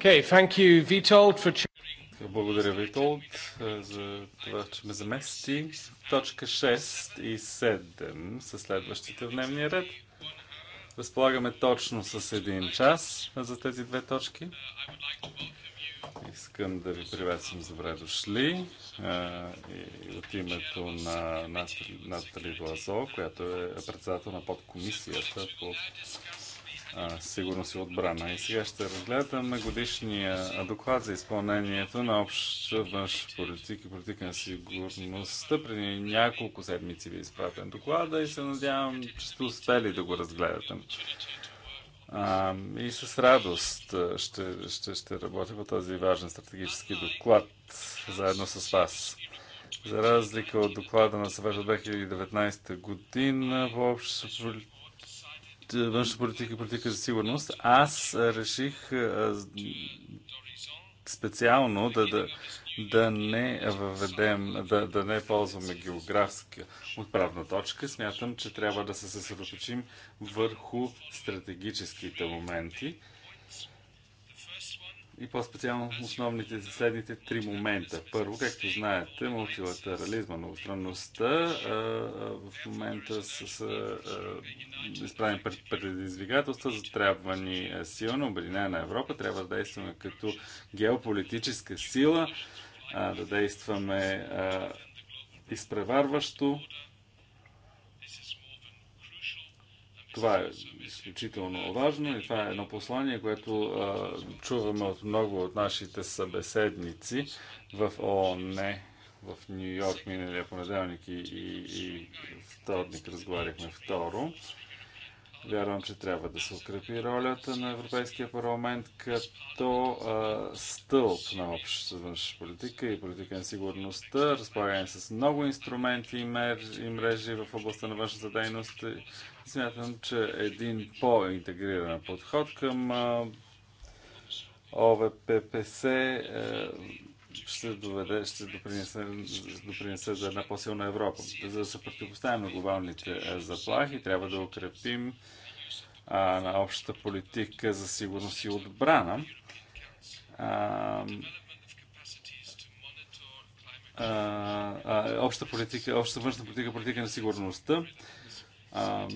Okay, thank you, Vitold, for... Благодаря, Витолд, е, за това, че ме замести. Точка 6 и 7 са следващите в дневния ред. Разполагаме точно с един час за тези две точки. Искам да ви приветствам за добре дошли е, и от името на Натали Глазо, която е председател на подкомисията по сигурност и отбрана. И сега ще разгледаме годишния доклад за изпълнението на обща външна политика и политика на сигурността. Преди няколко седмици ви е изпратен доклада и се надявам, че сте успели да го разгледате. А, и с радост ще, ще, ще работя по този важен стратегически доклад заедно с вас. За разлика от доклада на съвета 2019 година в общата външна политика и политика за сигурност, аз реших специално да, да, да не въведем, да, да не ползваме географска отправна точка. Смятам, че трябва да се съсредоточим върху стратегическите моменти и по-специално основните следните три момента. Първо, както знаете, мултилатерализма, многостранността в момента са изправени пред предизвикателства, трябва ни силна, обединена Европа, трябва да действаме като геополитическа сила, да действаме изпреварващо, Това е изключително важно и това е едно послание, което а, чуваме от много от нашите събеседници в ООН, в Нью Йорк миналия понеделник и, и, и вторник разговаряхме второ. Вярвам, че трябва да се укрепи ролята на Европейския парламент като а, стълб на общата външна политика и политика на сигурността, разполагане с много инструменти и, мер, и мрежи в областта на външната дейност. Смятам, че един по-интегриран подход към а, ОВППС е, ще, доведе, ще допринесе, допринесе за една по-силна Европа. За да се противопоставим на глобалните е, заплахи, трябва да укрепим а, на общата политика за сигурност и отбрана. А, А, а, обща политика, обща външна политика, политика на сигурността. А,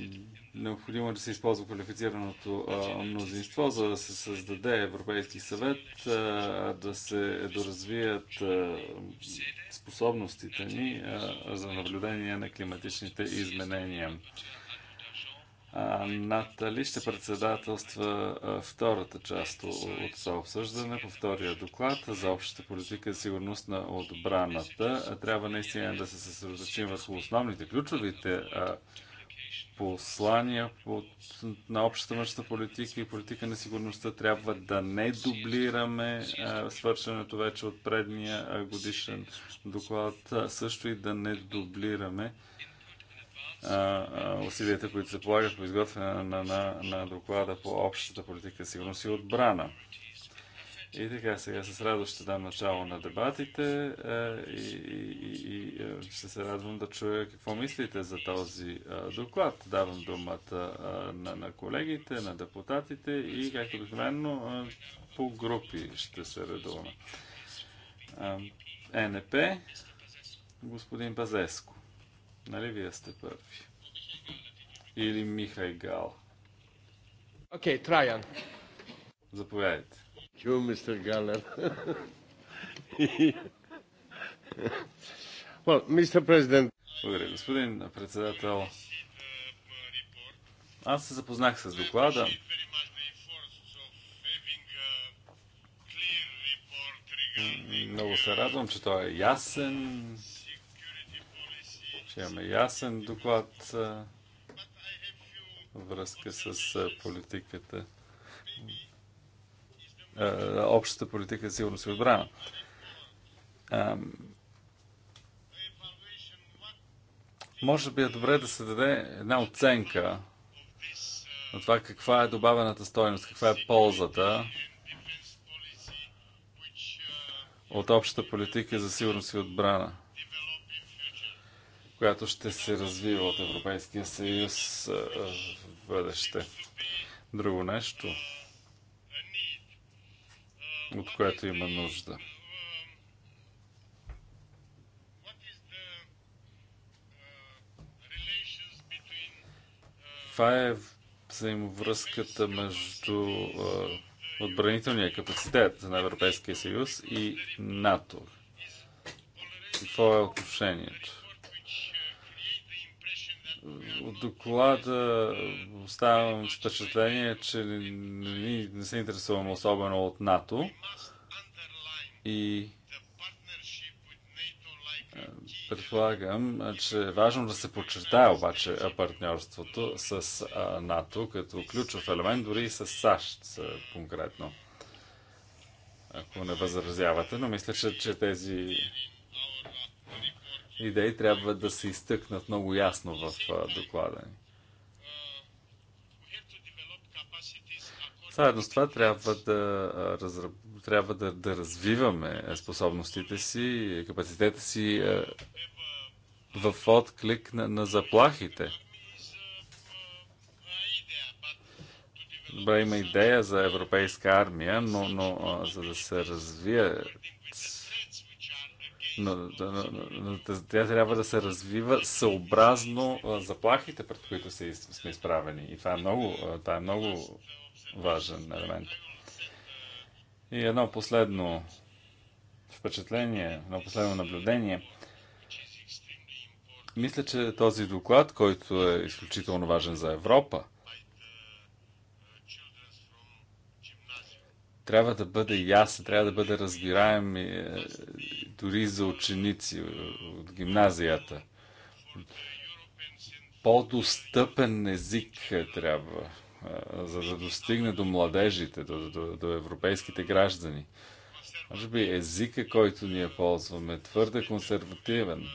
Необходимо е да се използва квалифицираното мнозинство, за да се създаде Европейски съвет, да се доразвият способностите ни за наблюдение на климатичните изменения. Натали ще председателства втората част от това обсъждане по втория доклад за общата политика и сигурност на отбраната. Трябва наистина да се съсредоточим върху основните, ключовите послания от, на общата външна политика и политика на сигурността трябва да не дублираме а, свършенето вече от предния а, годишен доклад, а, също и да не дублираме усилията, които се полагат по изготвяне на, на, на доклада по общата политика сигурност и отбрана. И така, сега с радост ще дам начало на дебатите е, и, и, и е, ще се радвам да чуя какво мислите за този е, доклад. Давам думата на, на колегите, на депутатите и, както обикновено, по групи ще се редуваме. НП, господин Базеско. Нали вие сте първи? Или Михай Гал? Окей, okay, Траян. Заповядайте. You, Mr. Galler. well, Mr. President. Благодаря, господин председател. Аз се запознах с доклада. Много се радвам, че той е ясен, че имаме ясен доклад връзка с политиката е, общата политика за сигурност и отбрана. Е, може би е добре да се даде една оценка на това каква е добавената стоеност, каква е ползата от общата политика за сигурност и отбрана, която ще се развива от Европейския съюз е, в бъдеще. Друго нещо от което има нужда. Това е взаимовръзката между отбранителния капацитет на Европейския съюз и НАТО? Какво е отношението? от доклада оставам с впечатление, че не, не се интересуваме особено от НАТО и Предполагам, че е важно да се подчертае обаче партньорството с НАТО като ключов елемент, дори и с САЩ конкретно. Ако не възразявате, но мисля, че, че тези идеи трябва да се изтъкнат много ясно в доклада ни. Заедно с това трябва да, трябва да, да развиваме способностите си, капацитета си в отклик на, на заплахите. Добре, има идея за европейска армия, но, но за да се развие но, но, но, но тя трябва да се развива съобразно заплахите, пред които се, сме изправени. И това е много, това е много важен елемент. И едно последно впечатление, едно последно наблюдение. Мисля, че този доклад, който е изключително важен за Европа, трябва да бъде ясен, трябва да бъде разбираем и, е, дори за ученици е, от гимназията. По-достъпен език е, трябва, за да достигне до младежите, до, до, до европейските граждани. Може би езика, който ние ползваме, твърде консервативен.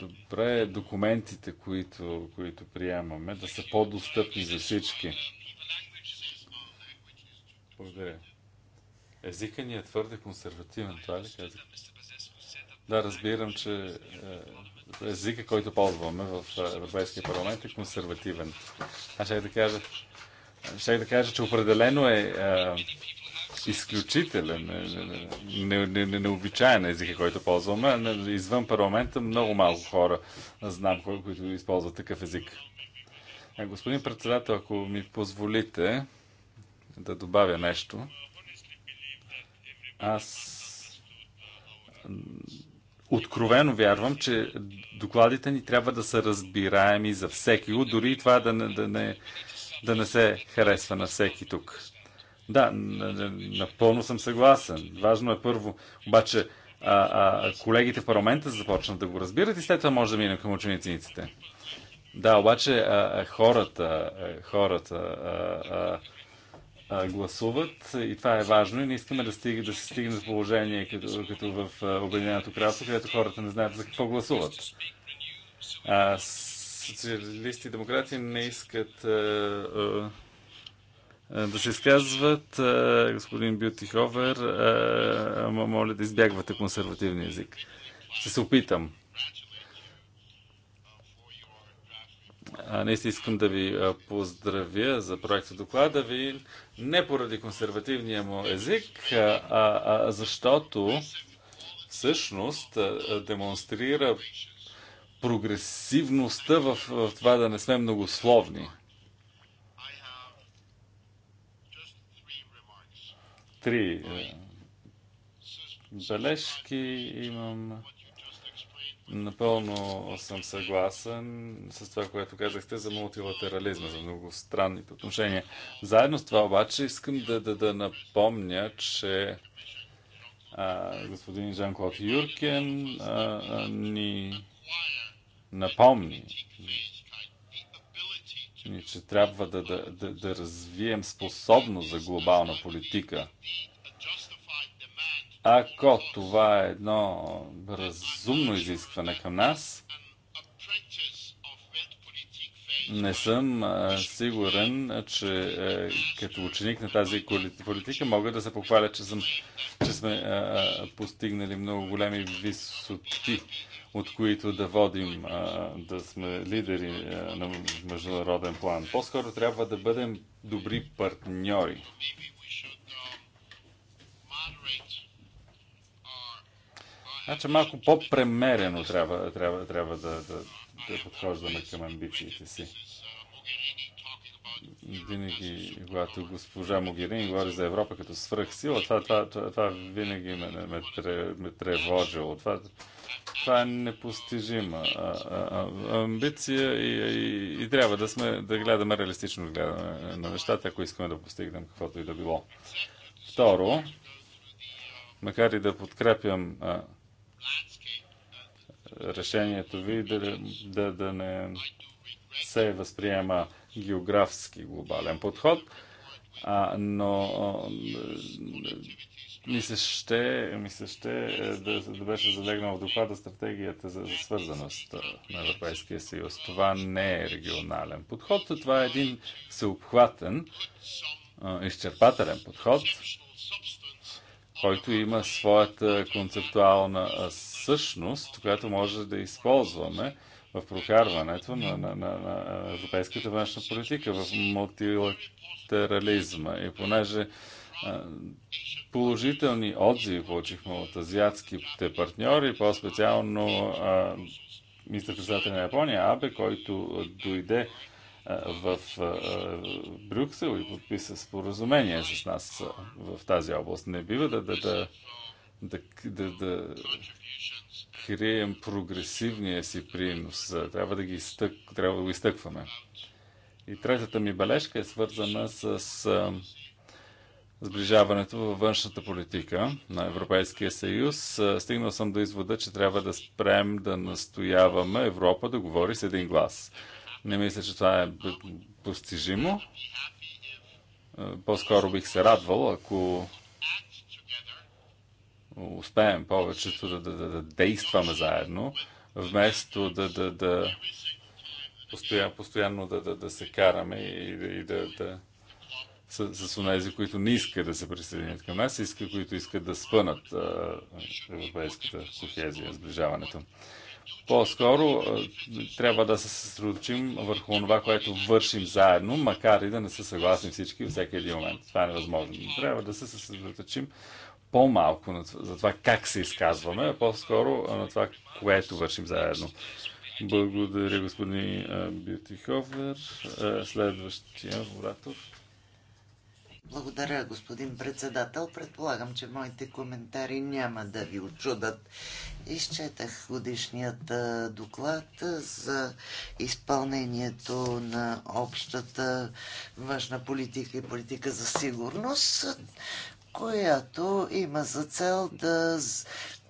Добре е документите, които, които приемаме, да са по-достъпни за всички. Благодаря. Езика ни е твърде консервативен, това ли казах? Да, разбирам, че е, езика, който ползваме в е, Европейския парламент е консервативен. Аз ще да кажа, ще да кажа, че определено е а, е, изключителен, не, не, не, необичайен език, който ползваме. Извън парламента много малко хора знам, които използват такъв език. Господин председател, ако ми позволите, да добавя нещо. Аз откровено вярвам, че докладите ни трябва да са разбираеми за всеки, дори и това да не, да не, да не се харесва на всеки тук. Да, напълно съм съгласен. Важно е първо, обаче, а, а, колегите в парламента започнат да го разбират и след това може да минем към учениците. Да, обаче а, а, хората, а, хората а, а, гласуват и това е важно и не искаме да, стиг, да се стигне до положение като, като в Обединеното кралство, където хората не знаят за какво гласуват. А, социалисти и демократи не искат а, а, да се изказват. Господин Бютиховер, моля да избягвате консервативния език. Ще се опитам. Наистина искам да ви поздравя за проекта доклада ви, не поради консервативния му език, а, а защото всъщност демонстрира прогресивността в, в това да не сме многословни. Три бележки имам. Напълно съм съгласен с това, което казахте за мултилатерализма, за многостранните отношения. Заедно с това обаче искам да, да, да напомня, че а, господин Жан-Клод Юркен а, а, ни напомни, ни, че трябва да, да, да, да развием способност за глобална политика – ако това е едно разумно изискване към нас, не съм сигурен, че като ученик на тази политика мога да се похваля, че, съм, че сме постигнали много големи висоти, от които да водим, да сме лидери на международен план. По-скоро трябва да бъдем добри партньори. Значи малко по-премерено трябва, трябва, трябва да, да, да подхождаме към амбициите си. Винаги, когато госпожа Могерини говори за Европа като свръхсила, това, това, това, това винаги ме, ме, ме тревожило. Това, това е непостижима а, а, амбиция и, и, и трябва да, сме, да гледаме реалистично гледаме на нещата, ако искаме да постигнем каквото и да било. Второ, макар и да подкрепям а, решението ви да, да, да не се възприема географски глобален подход, а, но ми се ще, ми се ще е, да, да беше залегнал в доклада стратегията за, за свързаност на Европейския съюз. Това не е регионален подход, това е един всеобхватен, изчерпателен подход, който има своята концептуална същност, която може да използваме в прокарването на, на, на, на европейската външна политика, в мултилатерализма. И понеже положителни отзиви получихме от азиатските партньори, по-специално министър председател на Япония Абе, който дойде в Брюксел и подписа споразумение с нас в тази област. Не бива да, да, да, да, да, да крием прогресивния си принос. Трябва да, ги изтък, трябва да го изтъкваме. И третата ми бележка е свързана с сближаването във външната политика на Европейския съюз. Стигнал съм до извода, че трябва да спрем да настояваме Европа да говори с един глас. Не мисля, че това е постижимо. Е, по-скоро бих се радвал, ако успеем повечето да, да, да, да действаме заедно, вместо да, да, да постоянно, постоянно да, да, да се караме и, да, и да, да с, с онези, които не искат да се присъединят към нас, искат, които искат да спънат а, е, европейската кохезия, сближаването. По-скоро трябва да се съсредоточим върху това, което вършим заедно, макар и да не са съгласни всички всеки един момент. Това е невъзможно. Трябва да се съсредоточим по-малко за това как се изказваме, а по-скоро на това, което вършим заедно. Благодаря, господин Бютиховер. Следващия оратор. Благодаря, господин председател. Предполагам, че моите коментари няма да ви очудат. Изчетах годишният доклад за изпълнението на общата външна политика и политика за сигурност, която има за цел да,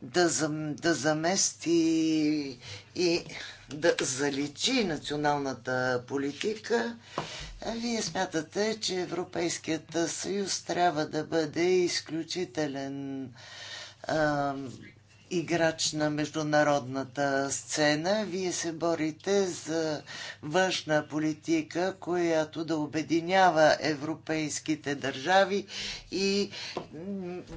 да, да замести и да заличи националната политика, вие смятате, че Европейският съюз трябва да бъде изключителен играч на международната сцена. Вие се борите за външна политика, която да обединява европейските държави и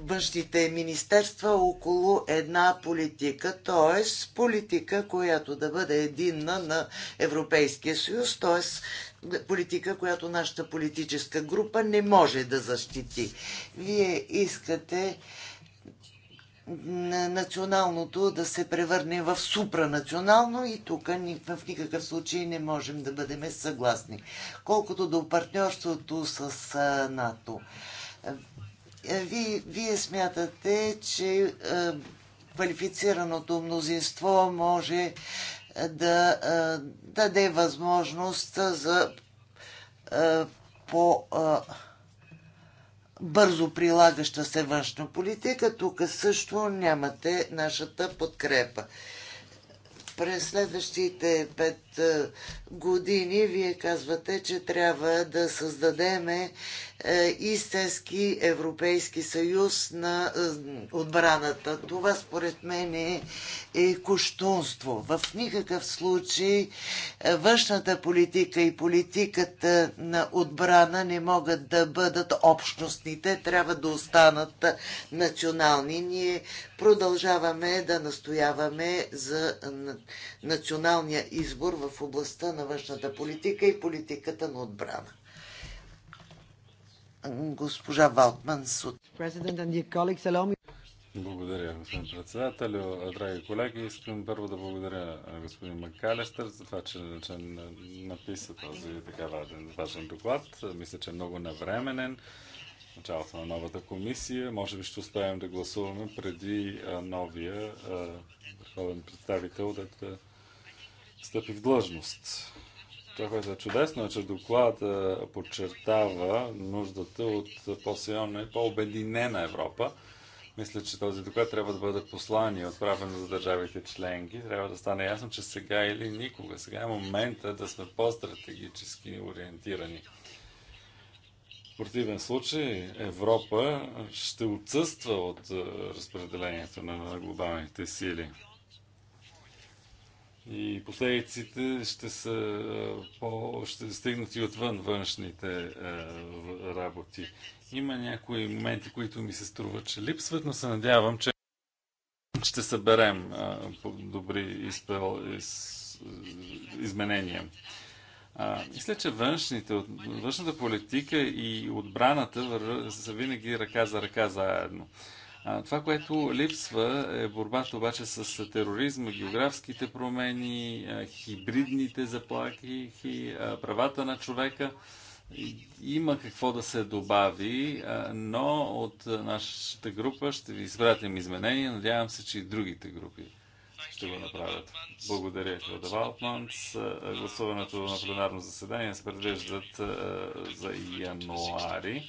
външните министерства около една политика, т.е. политика, която да бъде единна на Европейския съюз, т.е политика, която нашата политическа група не може да защити. Вие искате националното да се превърне в супранационално и тук в никакъв случай не можем да бъдем съгласни. Колкото до партньорството с НАТО. Е, вие, вие смятате, че квалифицираното мнозинство може да даде възможност за по бързо прилагаща се външна политика, тук също нямате нашата подкрепа. През следващите пет е, години вие казвате, че трябва да създадеме е, истински Европейски съюз на е, отбраната. Това според мен е, куштунство. В никакъв случай външната политика и политиката на отбрана не могат да бъдат общностни. Те трябва да останат национални. Ние продължаваме да настояваме за националния избор в областта на външната политика и политиката на отбрана. Госпожа Валтман Суд. Благодаря, господин председател. Драги колеги, искам първо да благодаря господин Макалестър за това, че, че написа този така важен, важен доклад. Мисля, че е много навременен. Началото на новата комисия. Може би ще успеем да гласуваме преди новия върховен представител да стъпи в длъжност. Това, което е чудесно, е, че доклад подчертава нуждата от по-силна и по-обединена Европа. Мисля, че този доклад трябва да бъде послание, отправено за държавите членки. Трябва да стане ясно, че сега или никога, сега е момента да сме по-стратегически ориентирани. В противен случай Европа ще отсъства от е, разпределението на глобалните сили. И последиците ще са по, ще стигнат и отвън външните е, работи. Има някои моменти, които ми се струват, че липсват, но се надявам, че ще съберем е, добри изпел, из, изменения. А, мисля, че външните, външната политика и отбраната са винаги ръка за ръка заедно. Това, което липсва е борбата обаче с тероризма, географските промени, хибридните заплахи, правата на човека. Има какво да се добави, но от нашата група ще ви изпратим изменения. Надявам се, че и другите групи ще го направят. Благодаря, Филда Девалтманс, Гласуването на пленарно заседание се предвиждат за януари.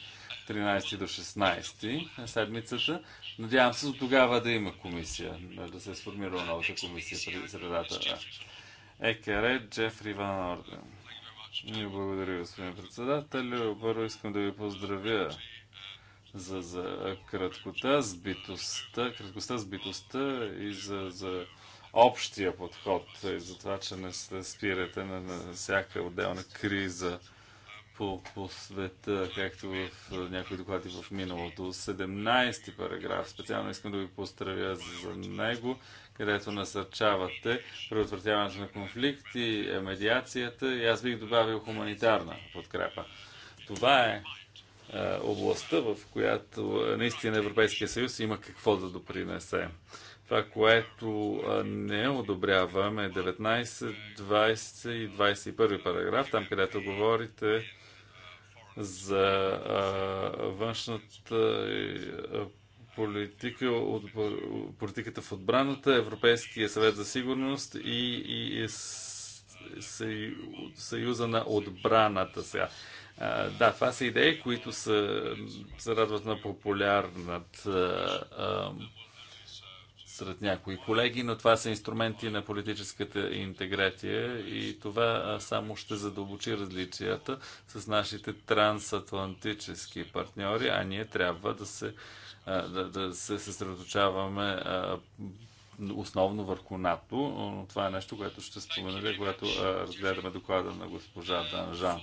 13 до 16 седмицата. Надявам се до тогава да има комисия, да се е сформирала новата комисия преди средата. Да. Екаре Джефри Ван Орден. Благодаря, господин председател. Първо искам да ви поздравя за, за краткота, сбитостта, краткостта, сбитостта и за, за общия подход и за това, че не се спирате на, на всяка отделна криза по, по света, както в някои доклади в миналото. 17 ти параграф, специално искам да ви поздравя за него, където насърчавате предотвратяването на конфликти, е, медиацията и аз бих добавил хуманитарна подкрепа. Това е областта, в която наистина Европейския съюз има какво да допринесе. Това, което не одобрявам е 19, 20 и 21 параграф, там където говорите за външната политика, от, политиката в отбраната, Европейския съвет за сигурност и, и, и Съюза на отбраната сега. А, да, това са идеи, които са, се радват на популярната а, сред някои колеги, но това са инструменти на политическата интеграция и това само ще задълбочи различията с нашите трансатлантически партньори, а ние трябва да се, да, да се съсредоточаваме основно върху НАТО, но това е нещо, което ще споменаме, когато разгледаме доклада на госпожа Данжан.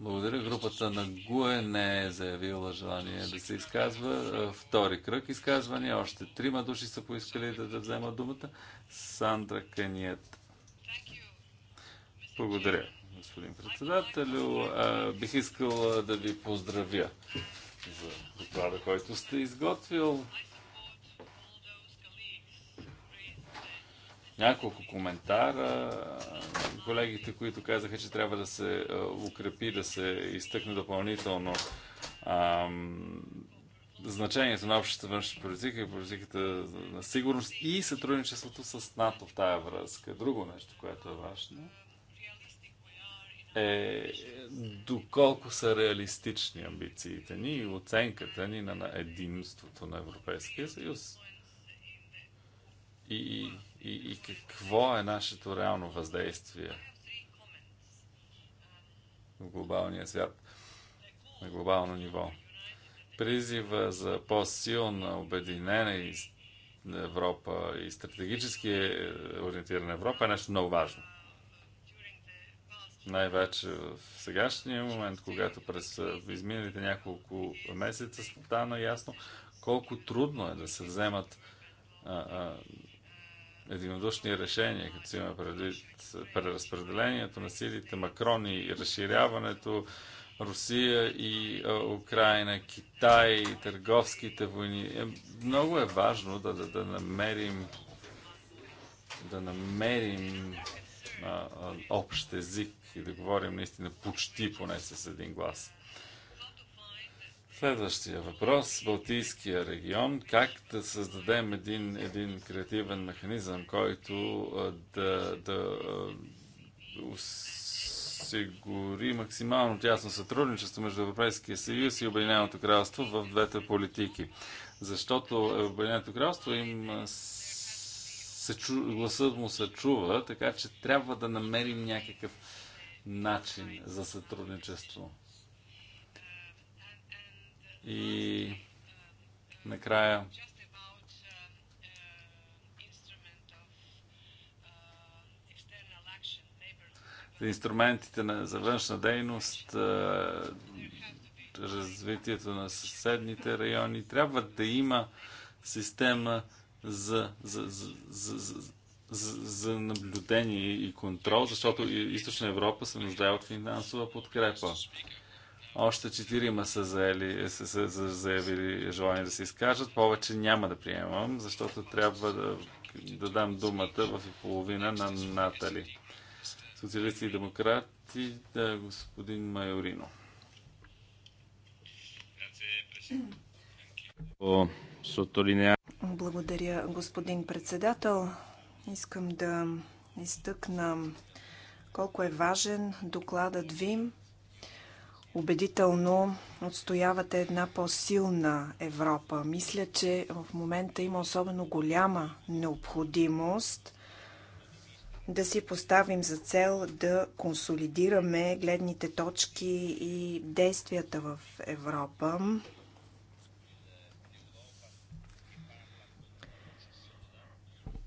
Благодаря. Групата на ГУЕ не е заявила желание да се изказва. Е, втори кръг изказвания. Още трима души са поискали да, да вземат думата. Сандра Каниет. Благодаря, господин председател, е, Бих искал да ви поздравя за доклада, който сте изготвил. няколко коментара. Колегите, които казаха, че трябва да се укрепи, да се изтъкне допълнително ам, значението на общата външна политика и политиката на сигурност и сътрудничеството с НАТО в тая връзка. Друго нещо, което е важно е доколко са реалистични амбициите ни и оценката ни на единството на Европейския съюз. И и, и какво е нашето реално въздействие в глобалния свят, на глобално ниво. Призива за по-силна, обединена и Европа и стратегически ориентирана Европа е нещо много важно. Най-вече в сегашния момент, когато през изминалите няколко месеца стана ясно колко трудно е да се вземат а, а, единодушни решения, като си има предвид преразпределението на силите, Макрон и разширяването, Русия и Украина, Китай, търговските войни. Е, много е важно да, да, да намерим да намерим а, общ език и да говорим наистина почти поне с един глас. Следващия въпрос. Балтийския регион. Как да създадем един, един креативен механизъм, който да, да осигури максимално тясно сътрудничество между Европейския съюз и Обединеното кралство в двете политики. Защото Обединеното кралство им се чу, гласът му се чува, така че трябва да намерим някакъв начин за сътрудничество. И накрая инструментите на, за външна дейност, развитието на съседните райони. Трябва да има система за, за, за, за, за, за наблюдение и контрол, защото Източна Европа се нуждае от финансова подкрепа. Още четирима са, заели, са, са, са заявили желание да се изкажат. Повече няма да приемам, защото трябва да, да дам думата в и половина на Натали. Социалисти и демократи, да, господин Майорино. Благодаря, господин председател. Искам да изтъкна колко е важен докладът ВИМ убедително отстоявате една по-силна Европа. Мисля, че в момента има особено голяма необходимост да си поставим за цел да консолидираме гледните точки и действията в Европа.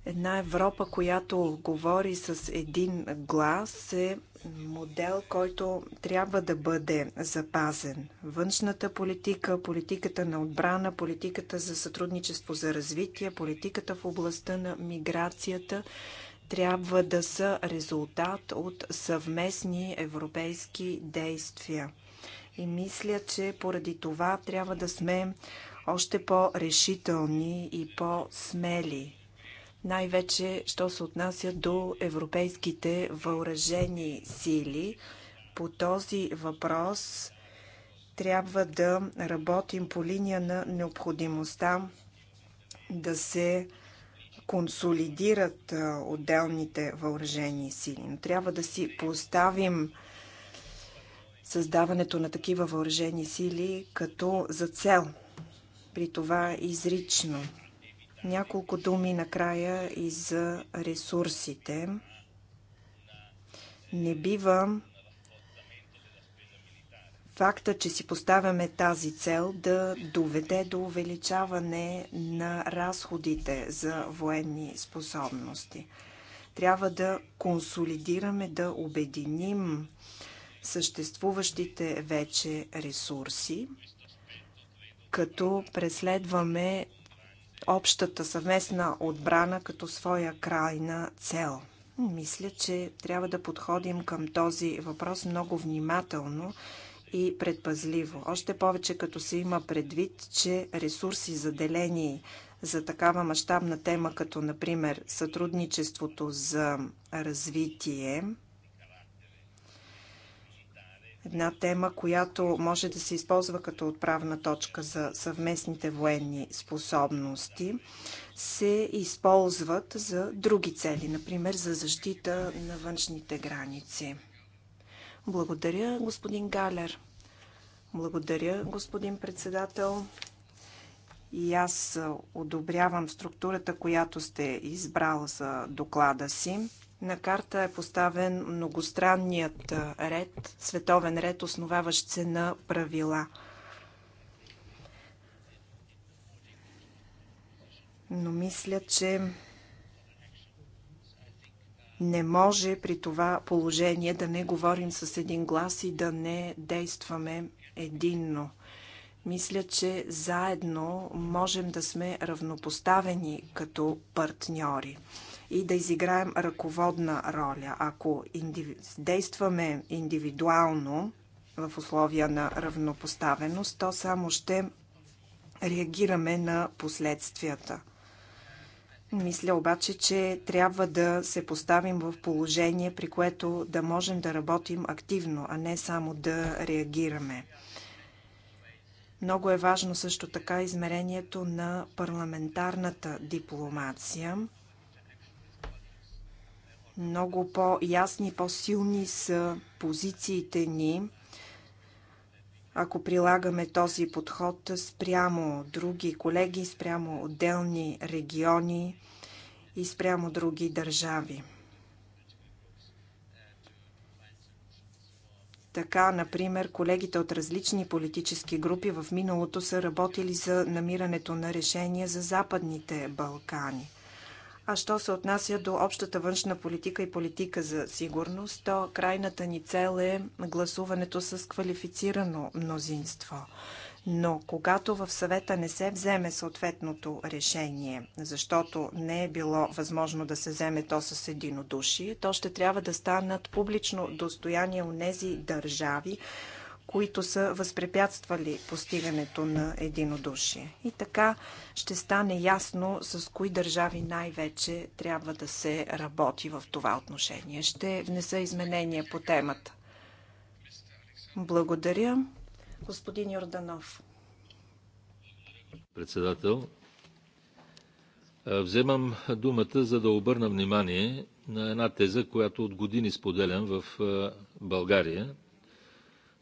Една Европа, която говори с един глас, е модел, който трябва да бъде запазен. Външната политика, политиката на отбрана, политиката за сътрудничество за развитие, политиката в областта на миграцията трябва да са резултат от съвместни европейски действия. И мисля, че поради това трябва да сме още по-решителни и по-смели най-вече, що се отнася до европейските въоръжени сили. По този въпрос трябва да работим по линия на необходимостта да се консолидират отделните въоръжени сили. Но трябва да си поставим създаването на такива въоръжени сили като за цел. При това изрично. Няколко думи накрая и за ресурсите. Не бива факта, че си поставяме тази цел да доведе до увеличаване на разходите за военни способности. Трябва да консолидираме, да обединим съществуващите вече ресурси, като преследваме общата съвместна отбрана като своя крайна цел. Мисля, че трябва да подходим към този въпрос много внимателно и предпазливо. Още повече като се има предвид, че ресурси заделени за такава мащабна тема, като например сътрудничеството за развитие, една тема, която може да се използва като отправна точка за съвместните военни способности, се използват за други цели, например за защита на външните граници. Благодаря, господин Галер. Благодаря, господин председател. И аз одобрявам структурата, която сте избрал за доклада си. На карта е поставен многостранният ред, световен ред, основаващ се на правила. Но мисля, че не може при това положение да не говорим с един глас и да не действаме единно. Мисля, че заедно можем да сме равнопоставени като партньори и да изиграем ръководна роля. Ако действаме индивидуално в условия на равнопоставеност, то само ще реагираме на последствията. Мисля обаче, че трябва да се поставим в положение, при което да можем да работим активно, а не само да реагираме. Много е важно също така измерението на парламентарната дипломация много по-ясни, по-силни са позициите ни, ако прилагаме този подход спрямо други колеги, спрямо отделни региони и спрямо други държави. Така, например, колегите от различни политически групи в миналото са работили за намирането на решения за Западните Балкани. А що се отнася до общата външна политика и политика за сигурност, то крайната ни цел е гласуването с квалифицирано мнозинство. Но когато в съвета не се вземе съответното решение, защото не е било възможно да се вземе то с единодушие, то ще трябва да станат публично достояние у нези държави, които са възпрепятствали постигането на единодушие. И така ще стане ясно с кои държави най-вече трябва да се работи в това отношение. Ще внеса изменения по темата. Благодаря. Господин Йорданов. Председател, вземам думата, за да обърна внимание на една теза, която от години споделям в България –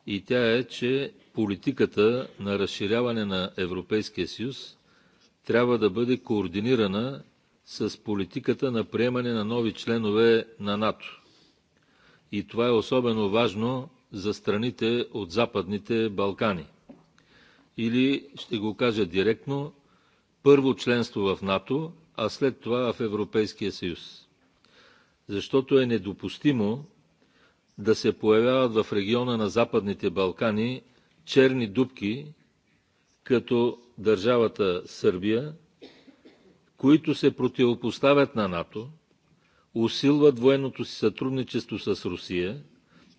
и тя е, че политиката на разширяване на Европейския съюз трябва да бъде координирана с политиката на приемане на нови членове на НАТО. И това е особено важно за страните от Западните Балкани. Или, ще го кажа директно, първо членство в НАТО, а след това в Европейския съюз. Защото е недопустимо да се появяват в региона на Западните Балкани черни дубки, като държавата Сърбия, които се противопоставят на НАТО, усилват военното си сътрудничество с Русия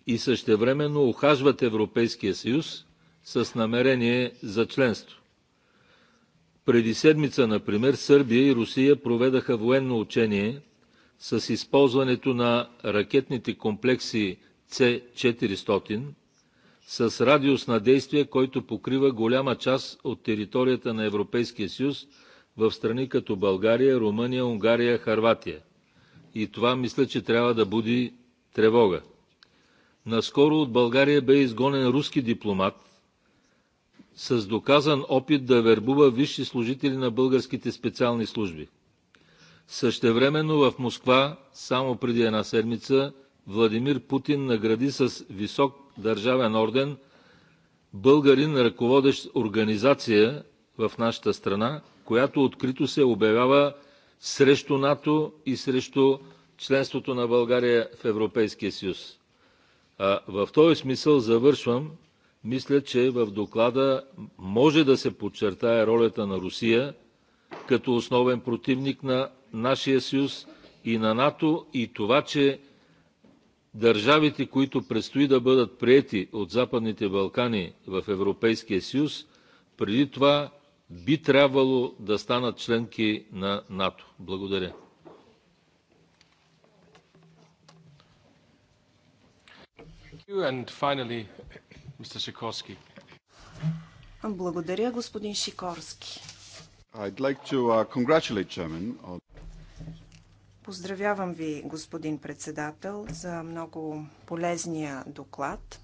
и същевременно охажват Европейския съюз с намерение за членство. Преди седмица, например, Сърбия и Русия проведаха военно учение с използването на ракетните комплекси C400 с радиус на действие, който покрива голяма част от територията на Европейския съюз в страни като България, Румъния, Унгария, Харватия. И това мисля, че трябва да буди тревога. Наскоро от България бе изгонен руски дипломат с доказан опит да вербува висши служители на българските специални служби. Същевременно в Москва само преди една седмица Владимир Путин награди с висок държавен орден българин, ръководещ организация в нашата страна, която открито се обявява срещу НАТО и срещу членството на България в Европейския съюз. В този смисъл завършвам. Мисля, че в доклада може да се подчертае ролята на Русия като основен противник на нашия съюз и на НАТО и това, че държавите, които предстои да бъдат приети от Западните Балкани в Европейския съюз, преди това би трябвало да станат членки на НАТО. Благодаря. Finally, Благодаря, господин Шикорски. Like uh, Chairman, or... Поздравявам ви, господин председател, за много полезния доклад.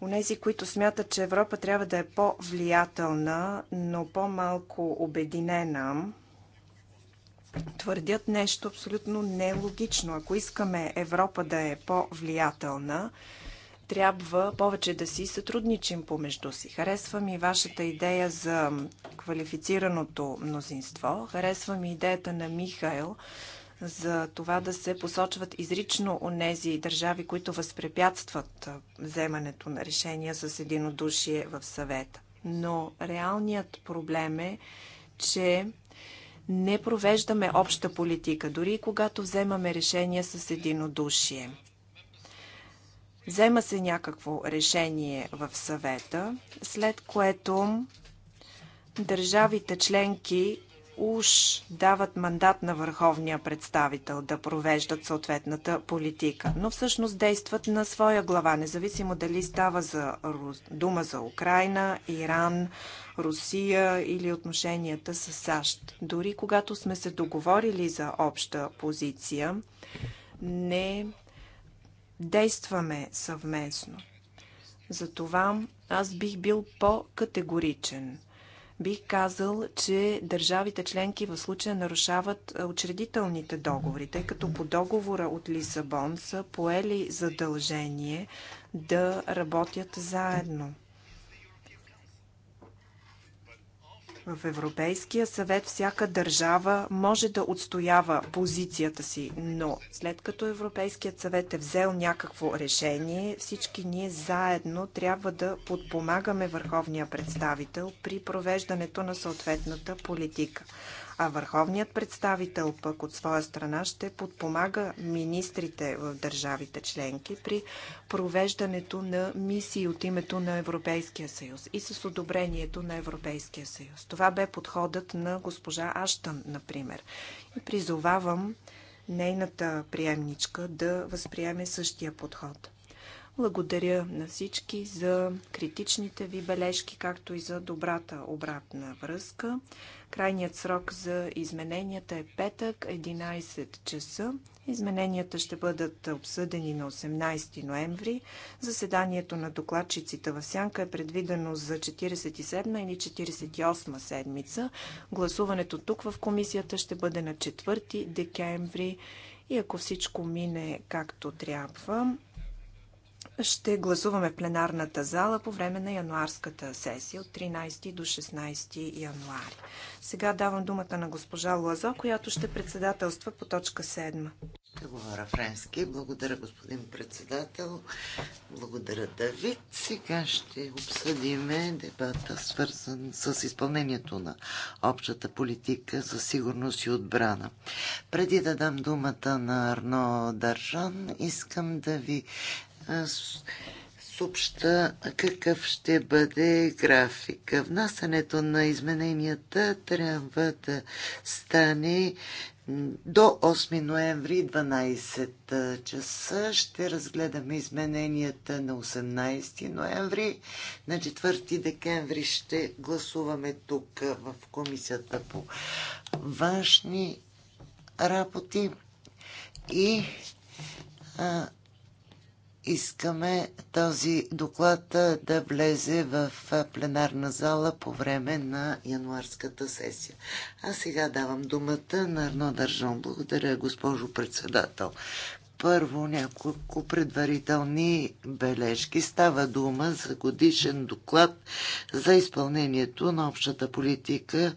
Онези, които смятат, че Европа трябва да е по-влиятелна, но по-малко обединена, твърдят нещо абсолютно нелогично. Ако искаме Европа да е по-влиятелна, трябва повече да си сътрудничим помежду си. Харесва ми вашата идея за квалифицираното мнозинство. Харесва ми идеята на Михаил за това да се посочват изрично у нези държави, които възпрепятстват вземането на решения с единодушие в съвета. Но реалният проблем е, че не провеждаме обща политика, дори когато вземаме решения с единодушие. Взема се някакво решение в съвета, след което държавите членки уж дават мандат на върховния представител да провеждат съответната политика, но всъщност действат на своя глава, независимо дали става за дума за Украина, Иран, Русия или отношенията с САЩ. Дори когато сме се договорили за обща позиция, не действаме съвместно. Затова аз бих бил по-категоричен. Бих казал, че държавите членки в случая нарушават е, учредителните договори, тъй като по договора от Лисабон са поели задължение да работят заедно. В Европейския съвет всяка държава може да отстоява позицията си, но след като Европейският съвет е взел някакво решение, всички ние заедно трябва да подпомагаме върховния представител при провеждането на съответната политика а върховният представител пък от своя страна ще подпомага министрите в държавите членки при провеждането на мисии от името на Европейския съюз и с одобрението на Европейския съюз. Това бе подходът на госпожа Аштън, например. И призовавам нейната приемничка да възприеме същия подход. Благодаря на всички за критичните ви бележки, както и за добрата обратна връзка. Крайният срок за измененията е петък, 11 часа. Измененията ще бъдат обсъдени на 18 ноември. Заседанието на докладчиците в Сянка е предвидено за 47 или 48 седмица. Гласуването тук в комисията ще бъде на 4 декември и ако всичко мине както трябва, ще гласуваме в пленарната зала по време на януарската сесия от 13 до 16 януари. Сега давам думата на госпожа Лазо, която ще председателства по точка 7. Ще говоря френски. Благодаря, господин председател. Благодаря, Давид. Сега ще обсъдим дебата, свързан с изпълнението на общата политика за сигурност и отбрана. Преди да дам думата на Арно Държан, искам да ви съобща какъв ще бъде графика. Внасянето на измененията трябва да стане до 8 ноември 12 часа. Ще разгледаме измененията на 18 ноември. На 4 декември ще гласуваме тук в Комисията по важни работи. И искаме този доклад да влезе в пленарна зала по време на януарската сесия. А сега давам думата на Арно Държан. Благодаря, госпожо председател. Първо няколко предварителни бележки. Става дума за годишен доклад за изпълнението на общата политика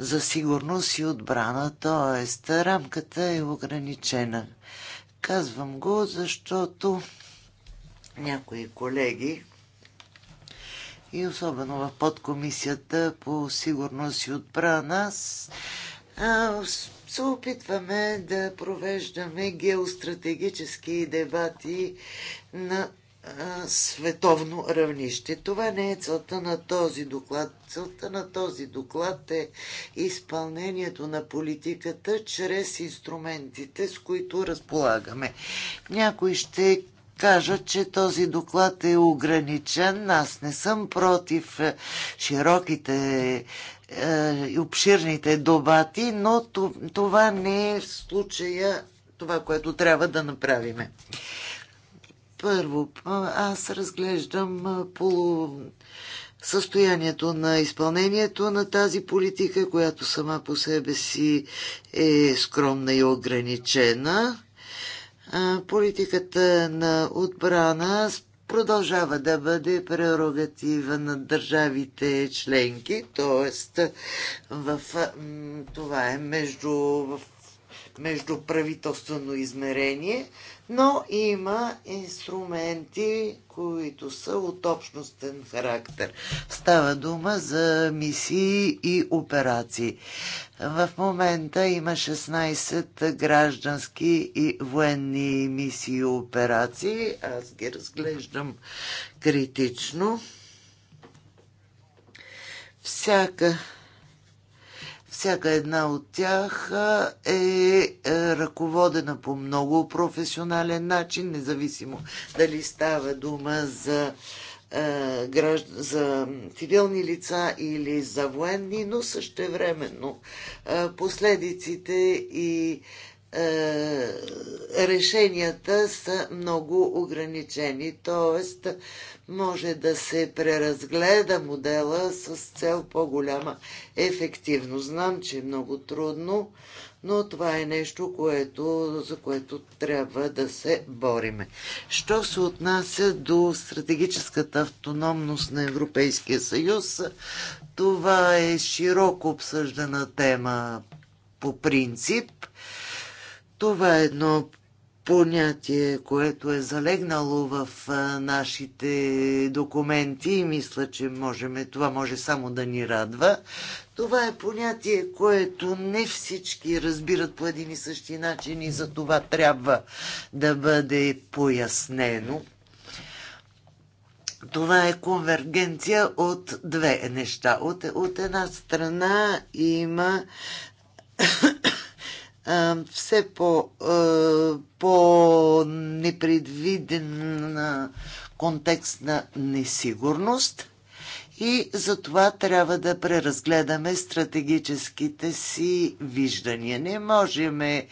за сигурност и отбрана, т.е. рамката е ограничена. Казвам го, защото някои колеги и особено в подкомисията по сигурност и отбрана се опитваме да провеждаме геостратегически дебати на световно равнище. Това не е целта на този доклад. Целта на този доклад е изпълнението на политиката чрез инструментите, с които разполагаме. Някои ще кажа, че този доклад е ограничен. Аз не съм против е, широките е, и обширните добати, но това не е в случая това, което трябва да направиме. Първо, аз разглеждам е, полу състоянието на изпълнението на тази политика, която сама по себе си е скромна и ограничена. Политиката на отбрана продължава да бъде прерогатива на държавите членки, т.е. в това е между в междуправителствено измерение, но има инструменти, които са от общностен характер. Става дума за мисии и операции. В момента има 16 граждански и военни мисии и операции. Аз ги разглеждам критично. Всяка всяка една от тях е, е ръководена по много професионален начин, независимо дали става дума за, е, за цивилни лица или за военни, но същевременно е, последиците и е, решенията са много ограничени. т.е. може да се преразгледа модела с цел по-голяма ефективност. Знам, че е много трудно, но това е нещо, което, за което трябва да се бориме. Що се отнася до стратегическата автономност на Европейския съюз, това е широко обсъждана тема по принцип – това е едно понятие, което е залегнало в нашите документи и мисля, че можем, това може само да ни радва. Това е понятие, което не всички разбират по един и същи начин и за това трябва да бъде пояснено. Това е конвергенция от две неща. От, от една страна има все по, по непредвиден контекст на несигурност – и за това трябва да преразгледаме стратегическите си виждания. Не можем е, е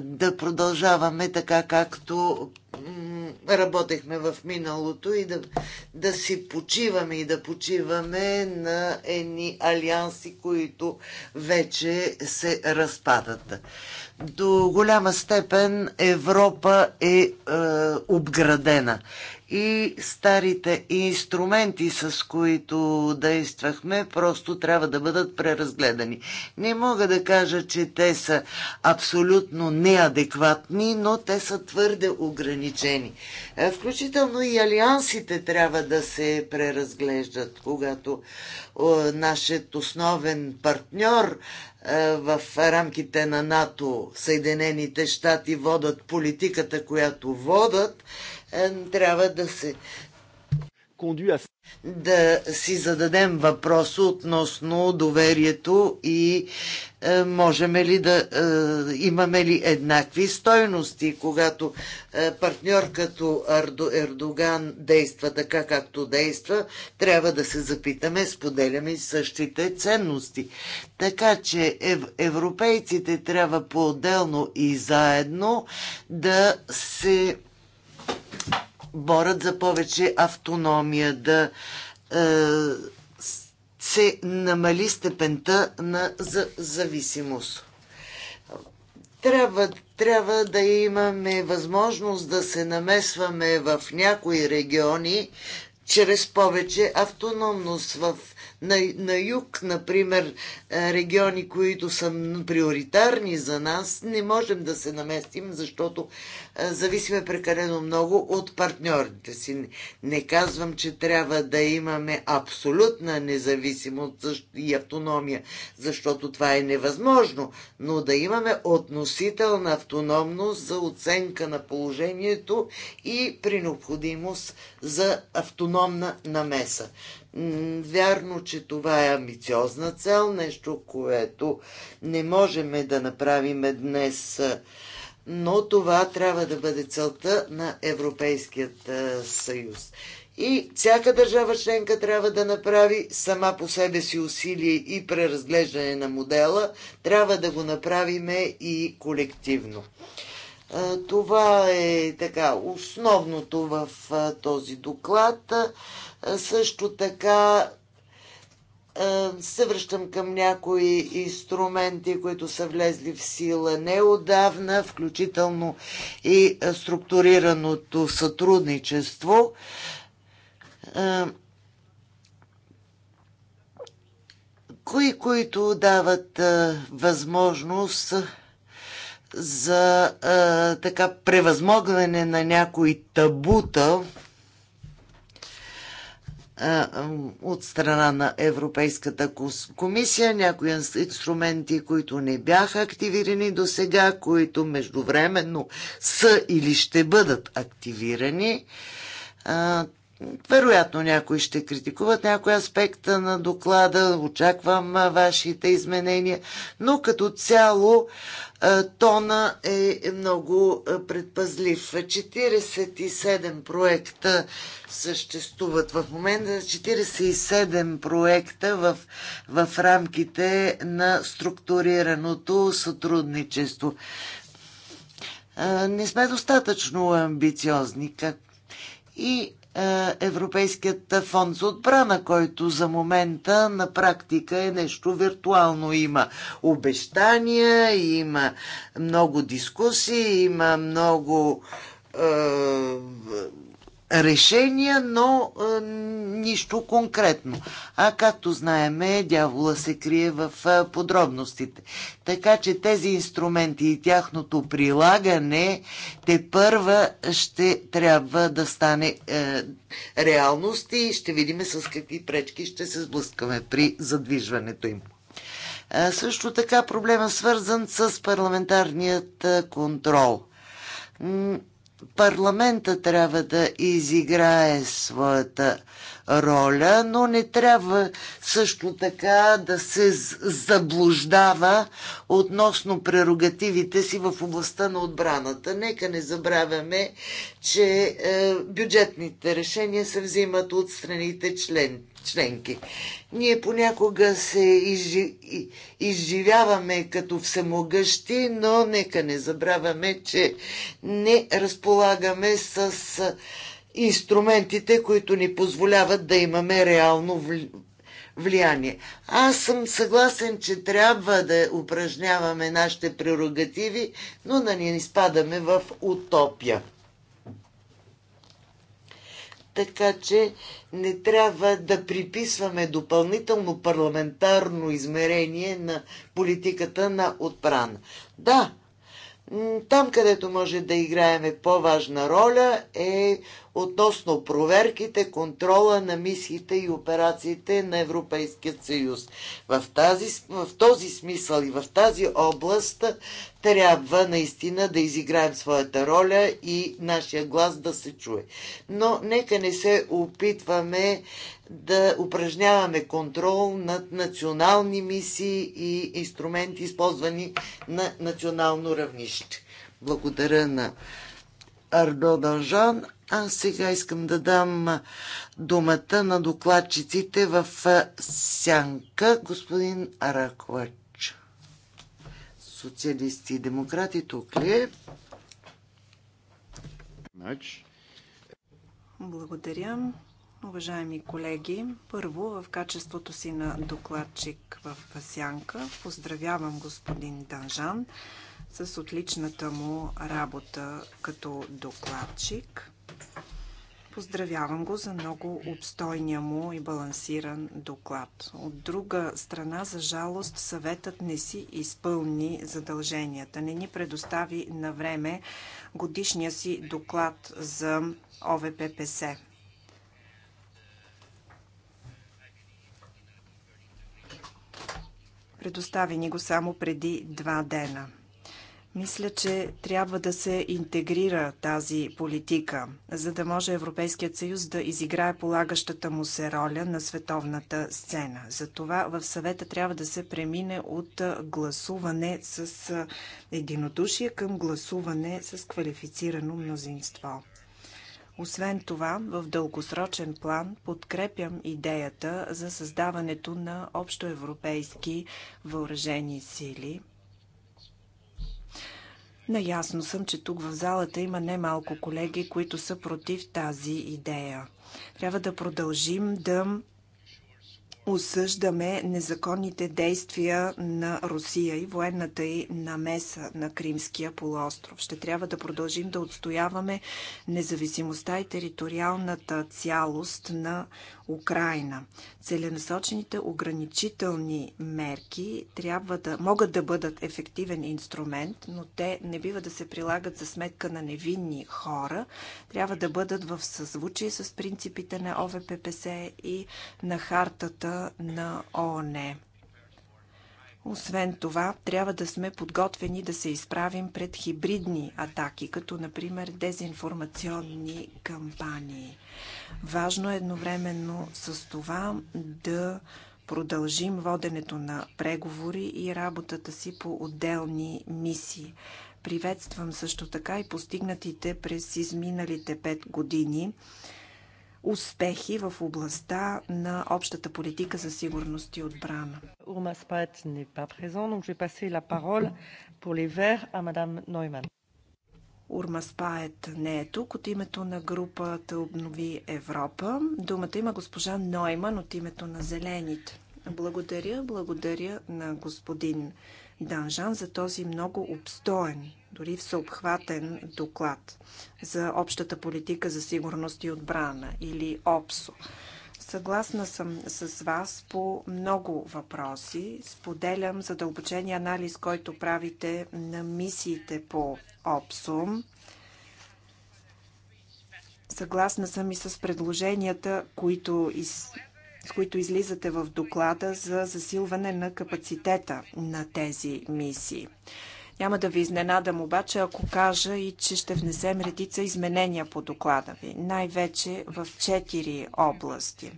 да продължаваме така, както работехме в миналото и да, да си почиваме и да почиваме на едни алианси, които вече се разпадат. До голяма степен Европа е, е обградена и старите инструменти, с които действахме, просто трябва да бъдат преразгледани. Не мога да кажа, че те са абсолютно неадекватни, но те са твърде ограничени. Е, включително и алиансите трябва да се преразглеждат, когато нашият основен партньор е, в рамките на НАТО, Съединените щати водат политиката, която водат трябва да се да си зададем въпроса относно доверието и е, можем ли да е, имаме ли еднакви стойности, когато е, партньор като Ардо, Ердоган действа така както действа, трябва да се запитаме, споделяме същите ценности. Така че ев, европейците трябва по-отделно и заедно да се борят за повече автономия, да е, се намали степента на зависимост. Трябва, трябва да имаме възможност да се намесваме в някои региони чрез повече автономност в на, на юг, например, е, региони, които са приоритарни за нас, не можем да се наместим, защото е, зависиме прекалено много от партньорите си. Не, казвам, че трябва да имаме абсолютна независимост и автономия, защото това е невъзможно, но да имаме относителна автономност за оценка на положението и при необходимост за автономна намеса. Вярно, че това е амбициозна цел, нещо, което не можем да направим днес, но това трябва да бъде целта на Европейският съюз. И всяка държава членка трябва да направи сама по себе си усилие и преразглеждане на модела, трябва да го направиме и колективно. Това е така основното в този доклад. Също така се връщам към някои инструменти, които са влезли в сила неодавна, включително и структурираното сътрудничество. Кои, които дават възможност за така превъзмогване на някои табута, от страна на Европейската комисия, някои инструменти, които не бяха активирани до сега, които междувременно са или ще бъдат активирани. Вероятно някои ще критикуват някои аспекта на доклада, очаквам вашите изменения, но като цяло е, тона е много е, предпазлив. 47 проекта съществуват в момента, 47 проекта в, в рамките на структурираното сътрудничество. Е, не сме достатъчно амбициозни, как и е, Европейският фонд за отбрана, който за момента на практика е нещо виртуално. Има обещания, има много дискусии, има много е, решения, но а, нищо конкретно. А както знаеме, дявола се крие в а, подробностите. Така че тези инструменти и тяхното прилагане те първа ще трябва да стане а, е, реалност и ще видим с какви пречки ще се сблъскаме при задвижването им. А, също така проблема свързан с парламентарният контрол парламента трябва да изиграе своята роля, но не трябва също така да се заблуждава относно прерогативите си в областта на отбраната. Нека не забравяме, че е, бюджетните решения се взимат от страните член, членки. Ние понякога се изжи, изживяваме като всемогъщи, но нека не забравяме, че не разполагаме с инструментите, които ни позволяват да имаме реално влияние. Аз съм съгласен, че трябва да упражняваме нашите прерогативи, но да не изпадаме в утопия така че не трябва да приписваме допълнително парламентарно измерение на политиката на отбрана. Да, там, където може да играеме по-важна роля е относно проверките, контрола на мисиите и операциите на Европейския съюз. В, тази, в този смисъл и в тази област трябва наистина да изиграем своята роля и нашия глас да се чуе. Но нека не се опитваме да упражняваме контрол над национални мисии и инструменти, използвани на национално равнище. Благодаря на Ардо Данжан. А сега искам да дам думата на докладчиците в Сянка, господин Араквач. Социалисти и демократи тук ли е? Благодаря. Уважаеми колеги, първо в качеството си на докладчик в Сянка поздравявам господин Данжан с отличната му работа като докладчик. Поздравявам го за много обстойния му и балансиран доклад. От друга страна, за жалост, съветът не си изпълни задълженията. Не ни предостави на време годишния си доклад за ОВППС. Предостави ни го само преди два дена. Мисля, че трябва да се интегрира тази политика, за да може Европейският съюз да изиграе полагащата му се роля на световната сцена. Затова в съвета трябва да се премине от гласуване с единодушие към гласуване с квалифицирано мнозинство. Освен това, в дългосрочен план подкрепям идеята за създаването на общоевропейски въоръжени сили. Наясно съм, че тук в залата има немалко колеги, които са против тази идея. Трябва да продължим да осъждаме незаконните действия на Русия и военната й намеса на Кримския полуостров. Ще трябва да продължим да отстояваме независимостта и териториалната цялост на Украина. Целенасочените ограничителни мерки трябва да могат да бъдат ефективен инструмент, но те не бива да се прилагат за сметка на невинни хора. Трябва да бъдат в съзвучие с принципите на ОВППС и на хартата на ООН. Освен това, трябва да сме подготвени да се изправим пред хибридни атаки, като например дезинформационни кампании. Важно е едновременно с това да продължим воденето на преговори и работата си по отделни мисии. Приветствам също така и постигнатите през изминалите пет години успехи в областта на общата политика за сигурност и отбрана. Урма Спайт не е Урма Спает не е тук. От името на групата Обнови Европа думата има госпожа Нойман от името на Зелените. Благодаря, благодаря на господин Данжан за този много обстоен, дори всеобхватен доклад за общата политика за сигурност и отбрана или ОПСО. Съгласна съм с вас по много въпроси. Споделям задълбочения анализ, който правите на мисиите по ОПСО. Съгласна съм и с предложенията, които из с които излизате в доклада за засилване на капацитета на тези мисии. Няма да ви изненадам обаче, ако кажа и че ще внесем редица изменения по доклада ви, най-вече в четири области.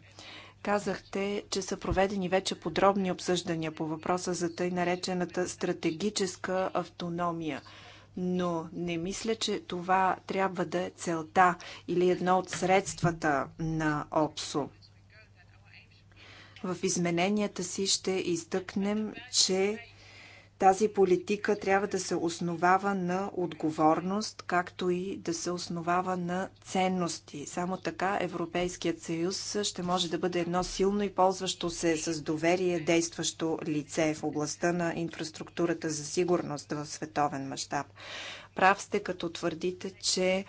Казахте, че са проведени вече подробни обсъждания по въпроса за тъй наречената стратегическа автономия. Но не мисля, че това трябва да е целта или едно от средствата на ОПСО. В измененията си ще изтъкнем, че тази политика трябва да се основава на отговорност, както и да се основава на ценности. Само така Европейският съюз ще може да бъде едно силно и ползващо се с доверие действащо лице в областта на инфраструктурата за сигурност в световен мащаб. Прав сте, като твърдите, че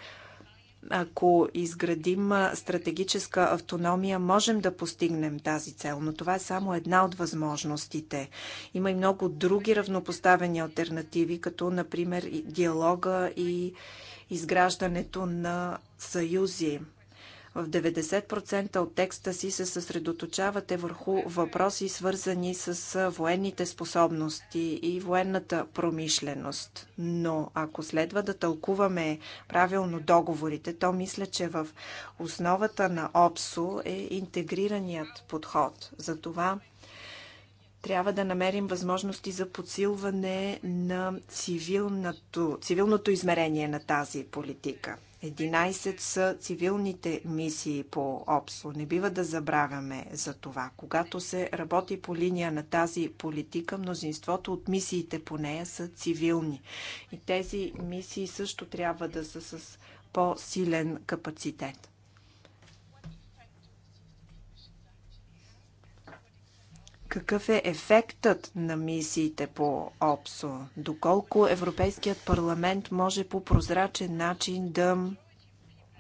ако изградим стратегическа автономия, можем да постигнем тази цел, но това е само една от възможностите. Има и много други равнопоставени альтернативи, като например диалога и изграждането на съюзи. В 90% от текста си се съсредоточавате върху въпроси, свързани с военните способности и военната промишленост. Но ако следва да тълкуваме правилно договорите, то мисля, че в основата на ОПСО е интегрираният подход. Затова трябва да намерим възможности за подсилване на цивилното, цивилното измерение на тази политика. 11 са цивилните мисии по ОПСО. Не бива да забравяме за това. Когато се работи по линия на тази политика, мнозинството от мисиите по нея са цивилни. И тези мисии също трябва да са с по-силен капацитет. Какъв е ефектът на мисиите по ОПСО? Доколко Европейският парламент може по прозрачен начин да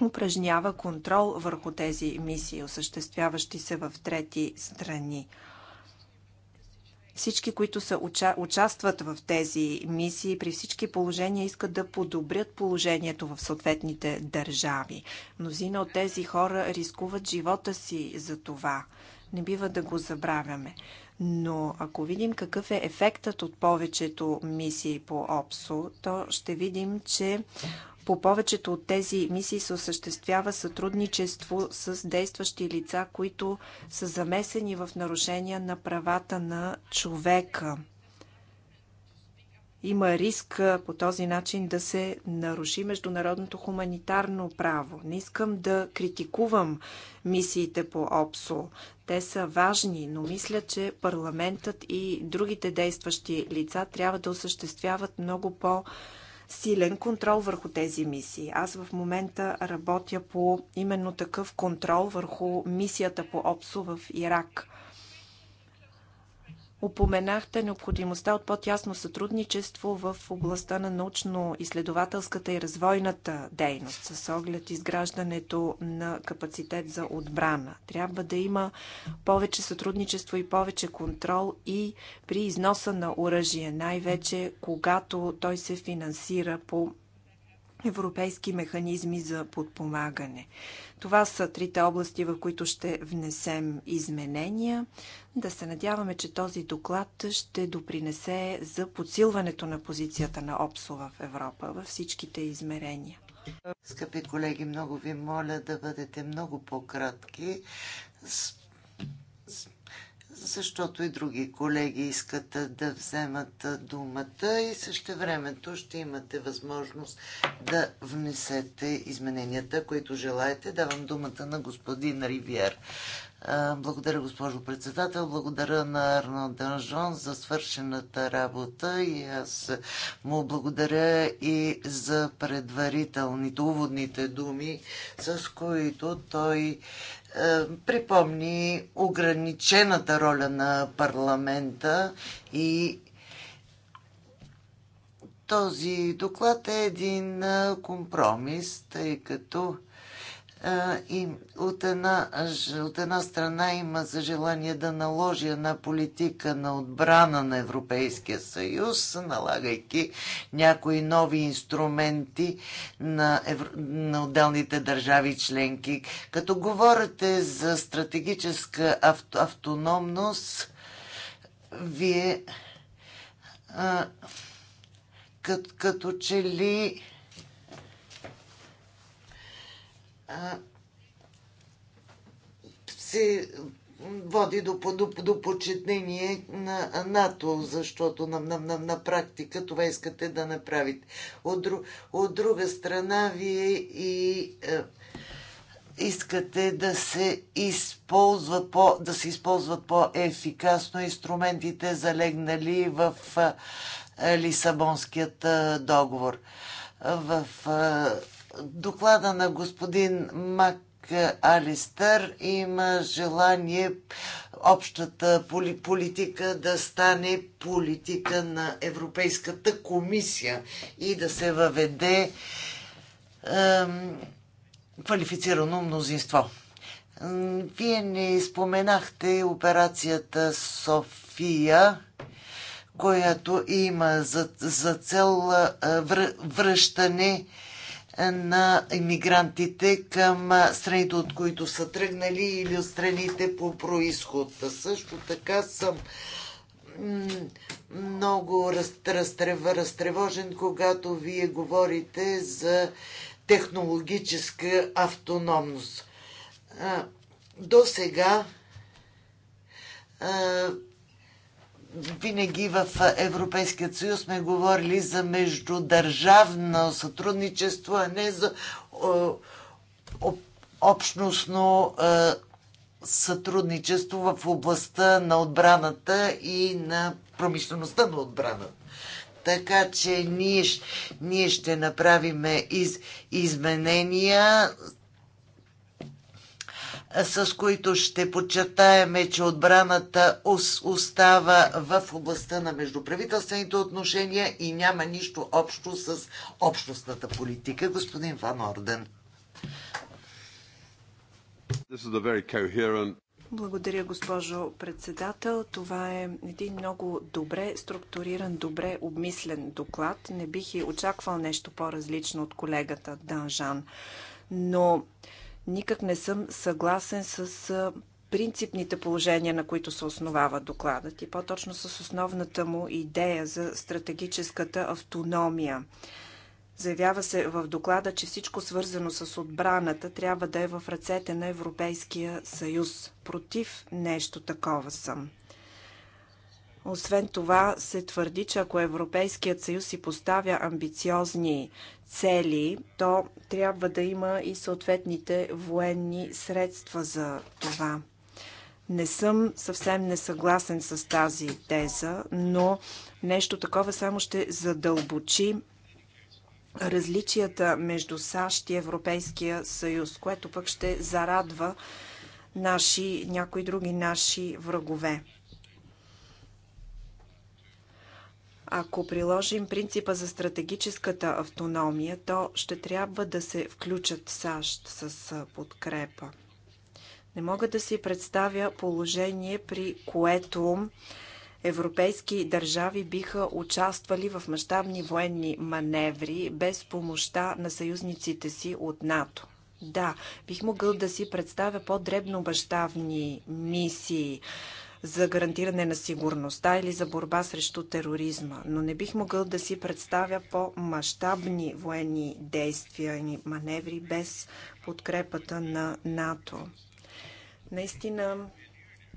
упражнява контрол върху тези мисии, осъществяващи се в трети страни? Всички, които са, уча... участват в тези мисии, при всички положения искат да подобрят положението в съответните държави. Мнозина от тези хора рискуват живота си за това. Не бива да го забравяме. Но ако видим какъв е ефектът от повечето мисии по ОПСО, то ще видим, че по повечето от тези мисии се осъществява сътрудничество с действащи лица, които са замесени в нарушения на правата на човека. Има риск по този начин да се наруши международното хуманитарно право. Не искам да критикувам мисиите по ОПСО. Те са важни, но мисля, че парламентът и другите действащи лица трябва да осъществяват много по- силен контрол върху тези мисии. Аз в момента работя по именно такъв контрол върху мисията по ОПСО в Ирак – Упоменахте необходимостта от по-тясно сътрудничество в областта на научно-изследователската и развойната дейност с оглед изграждането на капацитет за отбрана. Трябва да има повече сътрудничество и повече контрол и при износа на оръжие, най-вече когато той се финансира по европейски механизми за подпомагане. Това са трите области, в които ще внесем изменения. Да се надяваме, че този доклад ще допринесе за подсилването на позицията на ОПСО в Европа във всичките измерения. Скъпи колеги, много ви моля да бъдете много по-кратки защото и други колеги искат да вземат думата и също времето ще имате възможност да внесете измененията, които желаете. Давам думата на господин Ривиер. Благодаря, госпожо председател. Благодаря на Арно Данжон за свършената работа и аз му благодаря и за предварителните, уводните думи, с които той е, припомни ограничената роля на парламента и този доклад е един е, компромис, тъй като и от една, от една страна има за желание да наложи една политика на отбрана на Европейския съюз, налагайки някои нови инструменти на, евро, на отделните държави членки. Като говорите за стратегическа авто, автономност, вие а, като, като че ли се води до, до, до почетнение на НАТО, защото на, на, на, на практика това искате да направите. От, дру, от друга страна, вие и е, искате да се, използва по, да се използват по-ефикасно инструментите, залегнали в а, е, Лисабонският а, е, договор. В а, доклада на господин Мак Алистър има желание общата политика да стане политика на Европейската комисия и да се въведе ем, квалифицирано мнозинство. Вие не споменахте операцията София, която има за, за цел е, връщане на иммигрантите към страните, от които са тръгнали или от страните по происход. Също така съм много разтревожен, когато вие говорите за технологическа автономност. До сега винаги в Европейския съюз сме говорили за междудържавно сътрудничество, а не за общностно е, сътрудничество в областта на отбраната и на промишлеността на отбраната. Така че ние, ние ще направим из, изменения с които ще подчертаем, че отбраната остава в областта на междуправителствените отношения и няма нищо общо с общностната политика. Господин Ван Орден. Coherent... Благодаря, госпожо председател. Това е един много добре структуриран, добре обмислен доклад. Не бих и очаквал нещо по-различно от колегата Данжан. Но Никак не съм съгласен с принципните положения, на които се основава докладът и по-точно с основната му идея за стратегическата автономия. Заявява се в доклада, че всичко свързано с отбраната трябва да е в ръцете на Европейския съюз. Против нещо такова съм. Освен това се твърди, че ако Европейският съюз си поставя амбициозни цели, то трябва да има и съответните военни средства за това. Не съм съвсем несъгласен с тази теза, но нещо такова само ще задълбочи различията между САЩ и Европейския съюз, което пък ще зарадва наши, някои други наши врагове. Ако приложим принципа за стратегическата автономия, то ще трябва да се включат САЩ с подкрепа. Не мога да си представя положение, при което европейски държави биха участвали в мащабни военни маневри без помощта на съюзниците си от НАТО. Да, бих могъл да си представя по-дребно мащабни мисии за гарантиране на сигурността или за борба срещу тероризма. Но не бих могъл да си представя по-масштабни военни действия и маневри без подкрепата на НАТО. Наистина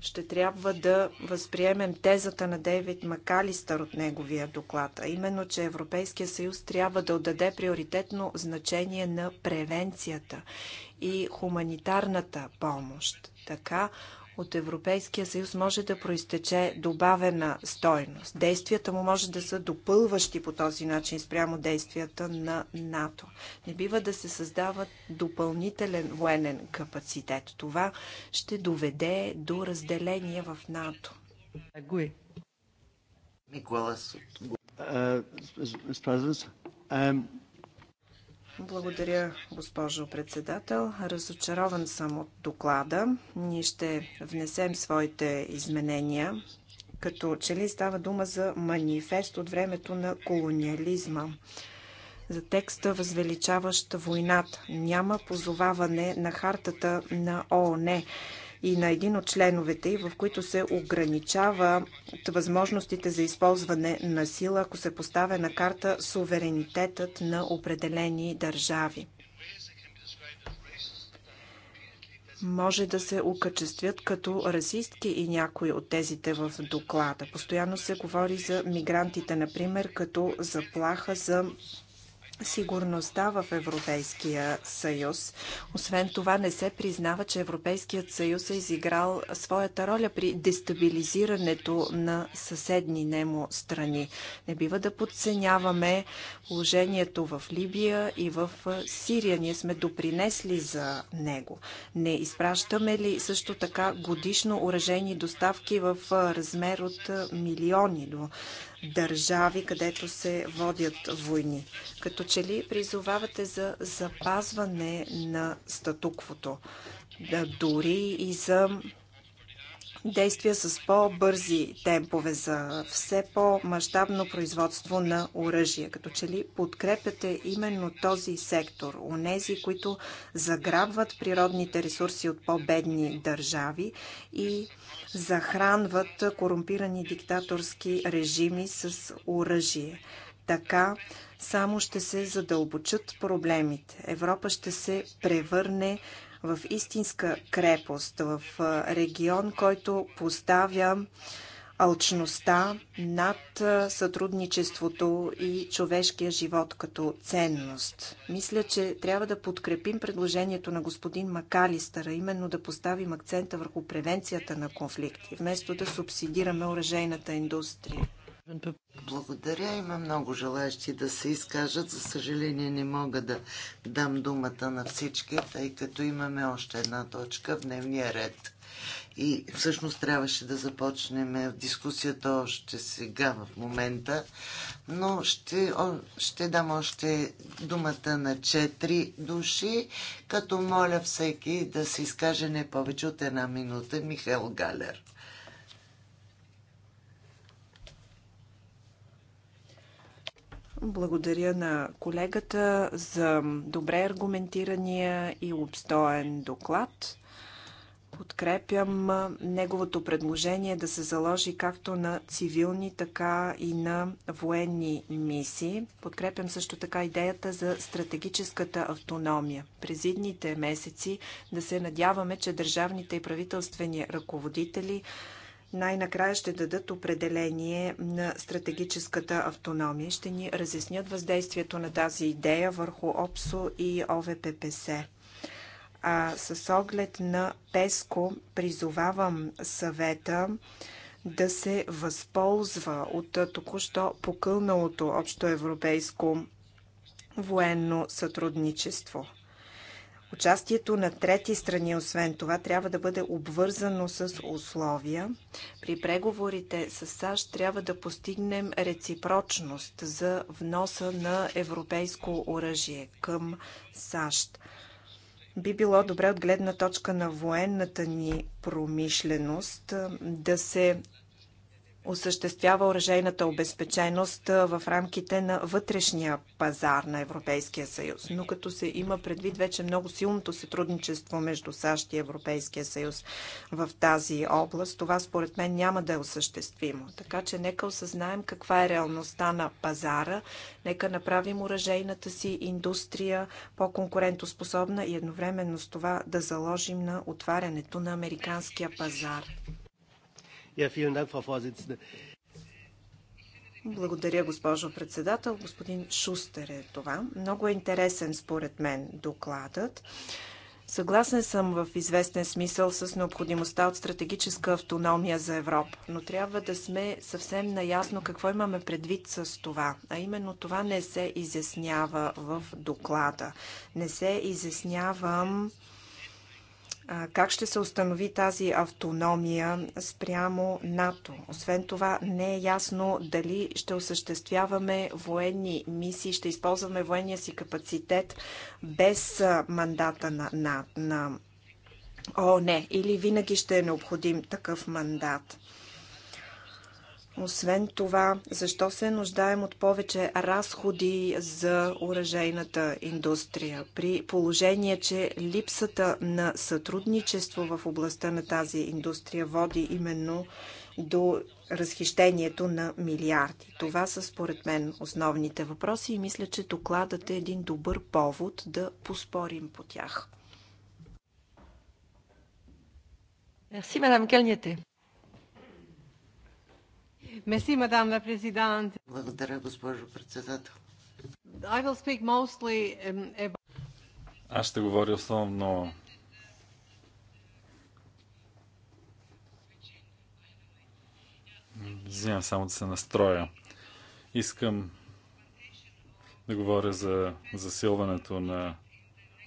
ще трябва да възприемем тезата на Дейвид Макалистър от неговия доклад, а именно, че Европейския съюз трябва да отдаде приоритетно значение на превенцията и хуманитарната помощ. Така от Европейския съюз може да проистече добавена стойност. Действията му може да са допълващи по този начин спрямо действията на НАТО. Не бива да се създава допълнителен военен капацитет. Това ще доведе до разделение в НАТО. Николас. Uh, благодаря, госпожо председател. Разочарован съм от доклада. Ние ще внесем своите изменения, като че ли става дума за манифест от времето на колониализма за текста, възвеличаващ войната. Няма позоваване на хартата на ООН и на един от членовете й, в които се ограничава възможностите за използване на сила, ако се поставя на карта суверенитетът на определени държави. може да се окачествят като расистки и някои от тезите в доклада. Постоянно се говори за мигрантите, например, като заплаха за сигурността в Европейския съюз. Освен това не се признава, че Европейският съюз е изиграл своята роля при дестабилизирането на съседни немо страни. Не бива да подценяваме положението в Либия и в Сирия. Ние сме допринесли за него. Не изпращаме ли също така годишно уражени доставки в размер от милиони до държави, където се водят войни. Като че ли призовавате за запазване на статуквото, да, дори и за действия с по-бързи темпове за все по-масштабно производство на оръжие. Като че ли подкрепяте именно този сектор, онези, които заграбват природните ресурси от по-бедни държави и захранват корумпирани диктаторски режими с оръжие. Така само ще се задълбочат проблемите. Европа ще се превърне в истинска крепост, в регион, който поставя алчността над сътрудничеството и човешкия живот като ценност. Мисля, че трябва да подкрепим предложението на господин Макалистъра, именно да поставим акцента върху превенцията на конфликти, вместо да субсидираме оръжейната индустрия. Благодаря. Има много желаящи да се изкажат. За съжаление не мога да дам думата на всички, тъй като имаме още една точка в дневния ред. И всъщност трябваше да започнем дискусията още сега в момента, но ще, ще дам още думата на четири души, като моля всеки да се изкаже не повече от една минута. Михаил Галер. Благодаря на колегата за добре аргументирания и обстоен доклад. Подкрепям неговото предложение да се заложи както на цивилни, така и на военни мисии. Подкрепям също така идеята за стратегическата автономия. През идните месеци да се надяваме, че държавните и правителствени ръководители най-накрая ще дадат определение на стратегическата автономия. Ще ни разяснят въздействието на тази идея върху ОПСО и ОВППС. А с оглед на ПЕСКО призовавам съвета да се възползва от току-що покълналото общоевропейско военно сътрудничество. Участието на трети страни, освен това, трябва да бъде обвързано с условия. При преговорите с САЩ трябва да постигнем реципрочност за вноса на европейско оръжие към САЩ. Би било добре от гледна точка на военната ни промишленост да се осъществява оръжейната обезпеченост в рамките на вътрешния пазар на Европейския съюз. Но като се има предвид вече много силното сътрудничество между САЩ и Европейския съюз в тази област, това според мен няма да е осъществимо. Така че нека осъзнаем каква е реалността на пазара, нека направим оръжейната си индустрия по-конкурентоспособна и едновременно с това да заложим на отварянето на американския пазар. Благодаря, госпожо председател. Господин Шустер е това. Много е интересен, според мен, докладът. Съгласен съм в известен смисъл с необходимостта от стратегическа автономия за Европа, но трябва да сме съвсем наясно какво имаме предвид с това. А именно това не се изяснява в доклада. Не се изяснява как ще се установи тази автономия спрямо НАТО? Освен това, не е ясно дали ще осъществяваме военни мисии, ще използваме военния си капацитет без мандата на, на, на ООН или винаги ще е необходим такъв мандат. Освен това, защо се нуждаем от повече разходи за оръжейната индустрия? При положение, че липсата на сътрудничество в областта на тази индустрия води именно до разхищението на милиарди. Това са според мен основните въпроси и мисля, че докладът е един добър повод да поспорим по тях. Мерси, мадам Кълнете. Merci, Madame la Présidente. Благодаря, госпожо председател. I will speak mostly um, about... Аз ще говоря основно Взимам само да се настроя. Искам да говоря за засилването на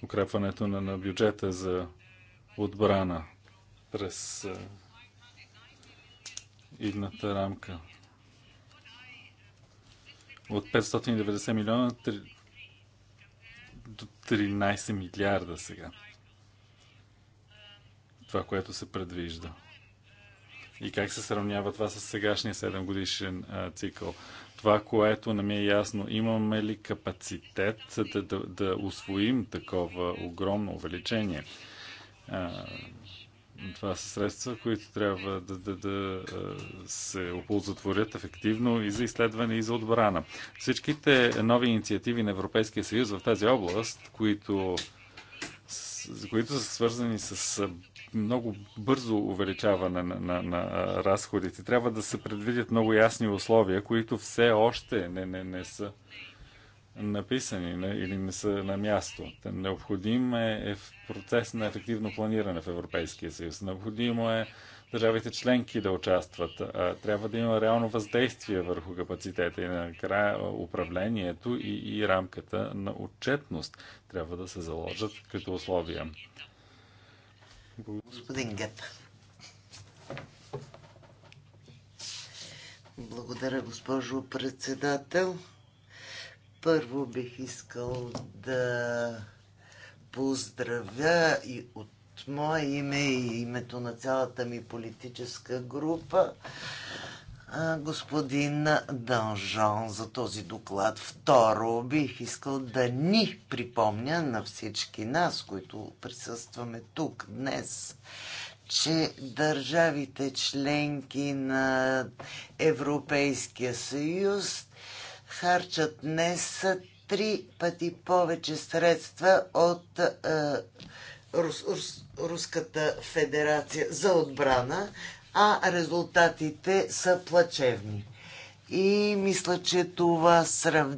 укрепването на, на бюджета за отбрана през идната рамка. От 590 милиона до 13 милиарда сега. Това, което се предвижда. И как се сравнява това с сегашния 7 годишен цикъл? Това, което не ми е ясно, имаме ли капацитет да, да, да освоим такова огромно увеличение? А, това са средства, които трябва да, да, да се оползотворят ефективно и за изследване, и за отбрана. Всичките нови инициативи на Европейския съюз в тази област, които, които са свързани с много бързо увеличаване на, на, на разходите, трябва да се предвидят много ясни условия, които все още не, не, не са написани или не са на място. Необходим е, е в процес на ефективно планиране в Европейския съюз. Необходимо е държавите членки да участват. Трябва да има реално въздействие върху капацитета и накрая управлението и, и рамката на отчетност трябва да се заложат като условия. Господин Геп. Благодаря, госпожо председател. Първо бих искал да поздравя и от мое име и името на цялата ми политическа група господин Данжон за този доклад. Второ, бих искал да ни припомня на всички нас, които присъстваме тук днес, че държавите членки на Европейския съюз харчат днес три пъти повече средства от а, е, Рус, Рус, Руската федерация за отбрана, а резултатите са плачевни. И мисля, че това, срав...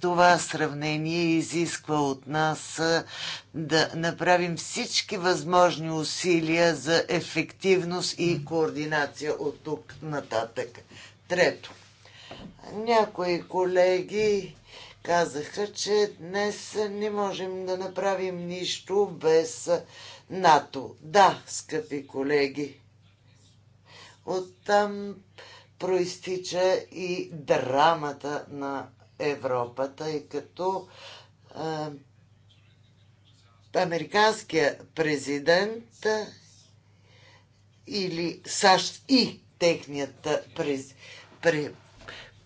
това сравнение изисква от нас е, да направим всички възможни усилия за ефективност и координация от тук нататък. Трето. Някои колеги казаха, че днес не можем да направим нищо без НАТО. Да, скъпи колеги, оттам проистича и драмата на Европа, тъй като а, е, американския президент а, или САЩ и техният през,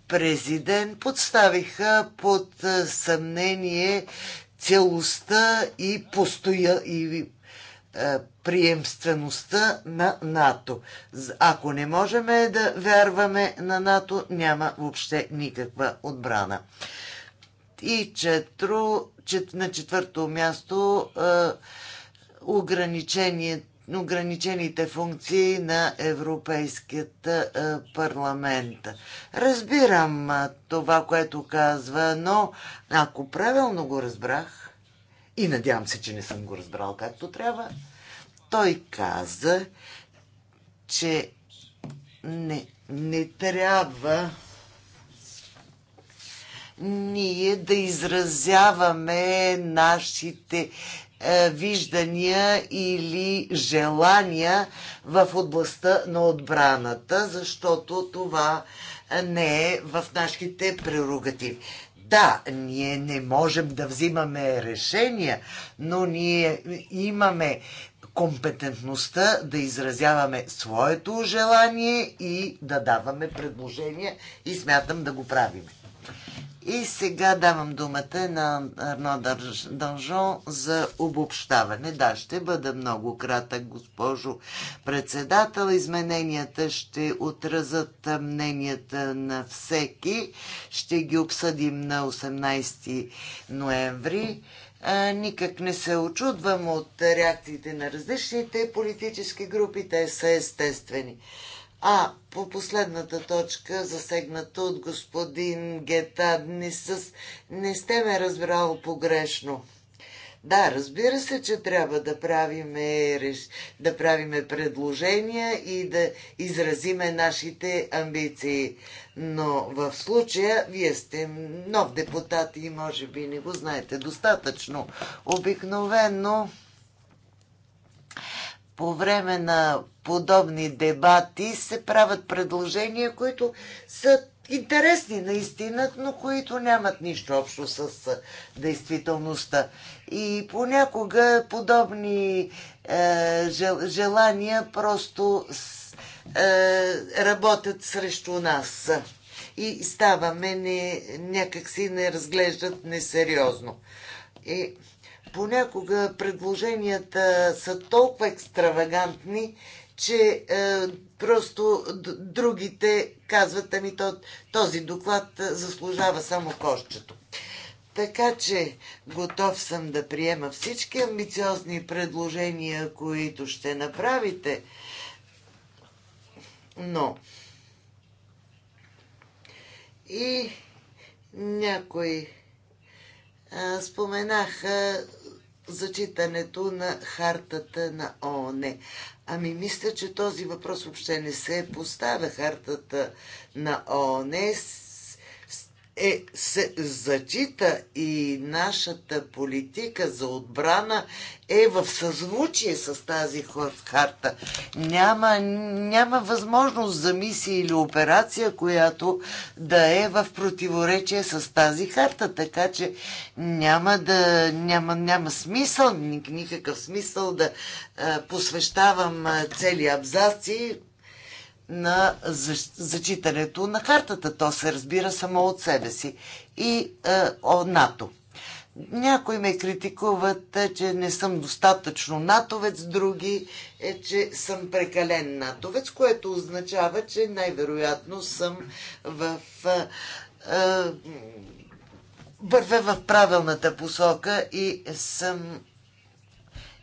президент подставиха под е, съмнение целостта и, постоя, и е, приемствеността на НАТО. Ако не можем да вярваме на НАТО, няма въобще никаква отбрана. И четро, чет, на четвърто място е, ограничението ограничените функции на Европейският е, парламент. Разбирам е, това, което казва, но ако правилно го разбрах, и надявам се, че не съм го разбрал както трябва, той каза, че не, не трябва ние да изразяваме нашите е, виждания или желания в областта на отбраната, защото това не е в нашите прерогативи. Да, ние не можем да взимаме решения, но ние имаме компетентността да изразяваме своето желание и да даваме предложения и смятам да го правиме. И сега давам думата на Арно Данжо за обобщаване. Да, ще бъда много кратък, госпожо председател. Измененията ще отразят мненията на всеки. Ще ги обсъдим на 18 ноември. Никак не се очудвам от реакциите на различните политически групи. Те са естествени. А по последната точка, засегната от господин Гетаднис, не сте ме разбрал погрешно. Да, разбира се, че трябва да правиме, да правиме предложения и да изразиме нашите амбиции. Но в случая вие сте нов депутат и може би не го знаете достатъчно. Обикновено по време на подобни дебати се правят предложения, които са интересни наистина, но които нямат нищо общо с действителността. И понякога подобни е, жел, желания просто с, е, работят срещу нас и ставаме не, някакси не разглеждат несериозно. И, е, понякога предложенията са толкова екстравагантни, че е, просто другите казват, ами то, този доклад е, заслужава само кошчето. Така че готов съм да приема всички амбициозни предложения, които ще направите, но и някои е, споменаха зачитането на хартата на ООН. Ами мисля, че този въпрос въобще не се поставя. Хартата на ООН е, се зачита и нашата политика за отбрана е в съзвучие с тази харта. Няма, няма възможност за мисия или операция, която да е в противоречие с тази харта, така че няма, да, няма, няма смисъл, никакъв смисъл да а, посвещавам цели абзаци на зачитането на хартата. То се разбира само от себе си и е, о НАТО. Някои ме критикуват, е, че не съм достатъчно натовец, други е, че съм прекален натовец, което означава, че най-вероятно съм в. Е, е, вървя в правилната посока и съм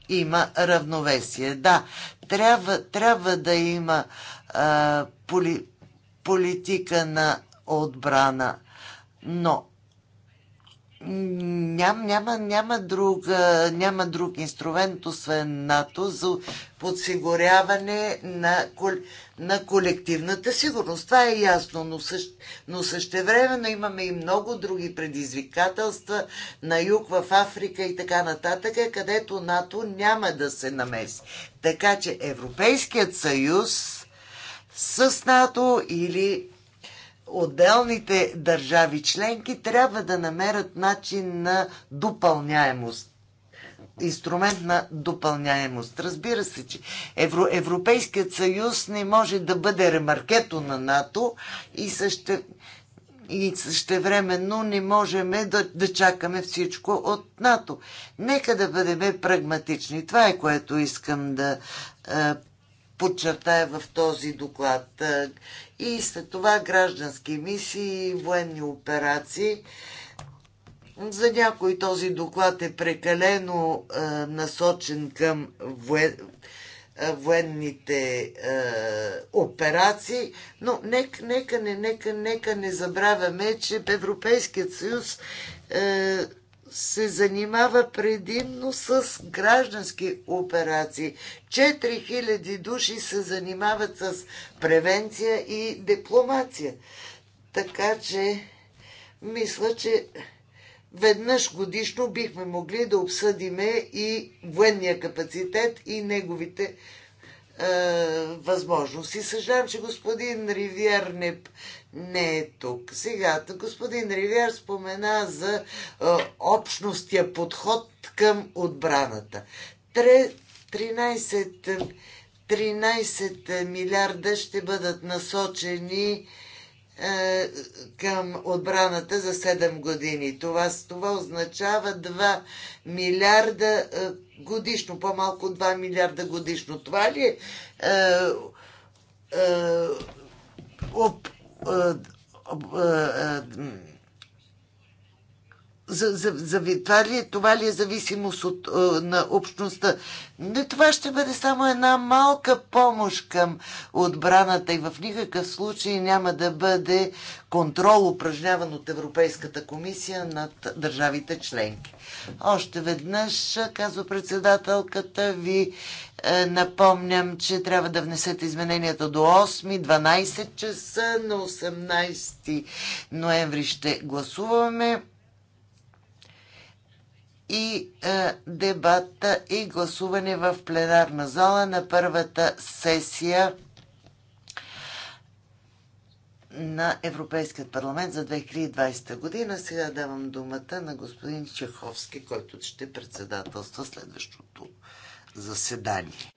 има равновесие. Да, трябва, трябва да има а, поли, политика на отбрана. Но ням, няма, няма, друг, няма друг инструмент, освен НАТО, за подсигуряване на, кол, на колективната сигурност. Това е ясно, но, също, но същевременно имаме и много други предизвикателства на юг, в Африка и така нататък, където НАТО няма да се намеси. Така че Европейският съюз с НАТО или отделните държави членки трябва да намерят начин на допълняемост. Инструмент на допълняемост. Разбира се, че Евро, Европейският съюз не може да бъде ремаркето на НАТО и също и същевременно не можем да, да чакаме всичко от НАТО. Нека да бъдем прагматични. Това е което искам да е, подчертая в този доклад. И след това граждански мисии, военни операции. За някой този доклад е прекалено е, насочен към военните е, операции, но нека, нека, не, нека, нека не забравяме, че Европейският съюз е, се занимава предимно с граждански операции. 4000 души се занимават с превенция и дипломация. Така че, мисля, че веднъж годишно бихме могли да обсъдиме и военния капацитет и неговите е, възможности. Съжалявам, че господин Ривиер не, не е тук. Сега, господин Ривиер спомена за е, общностия подход към отбраната. Тре, 13, 13 милиарда ще бъдат насочени е, към отбраната за 7 години. Това, това означава 2 милиарда е, годишно, по-малко 2 милиарда годишно. Това ли е, е, е, об, е, е, е за, за, за това, ли, е, това ли е зависимост от, е, на общността? Не, това ще бъде само една малка помощ към отбраната и в никакъв случай няма да бъде контрол упражняван от Европейската комисия над държавите членки. Още веднъж, казва председателката, ви е, напомням, че трябва да внесете измененията до 8-12 часа. На 18 ноември ще гласуваме и е, дебата и гласуване в пленарна зала на първата сесия на Европейският парламент за 2020 година. Сега давам думата на господин Чеховски, който ще председателства следващото заседание.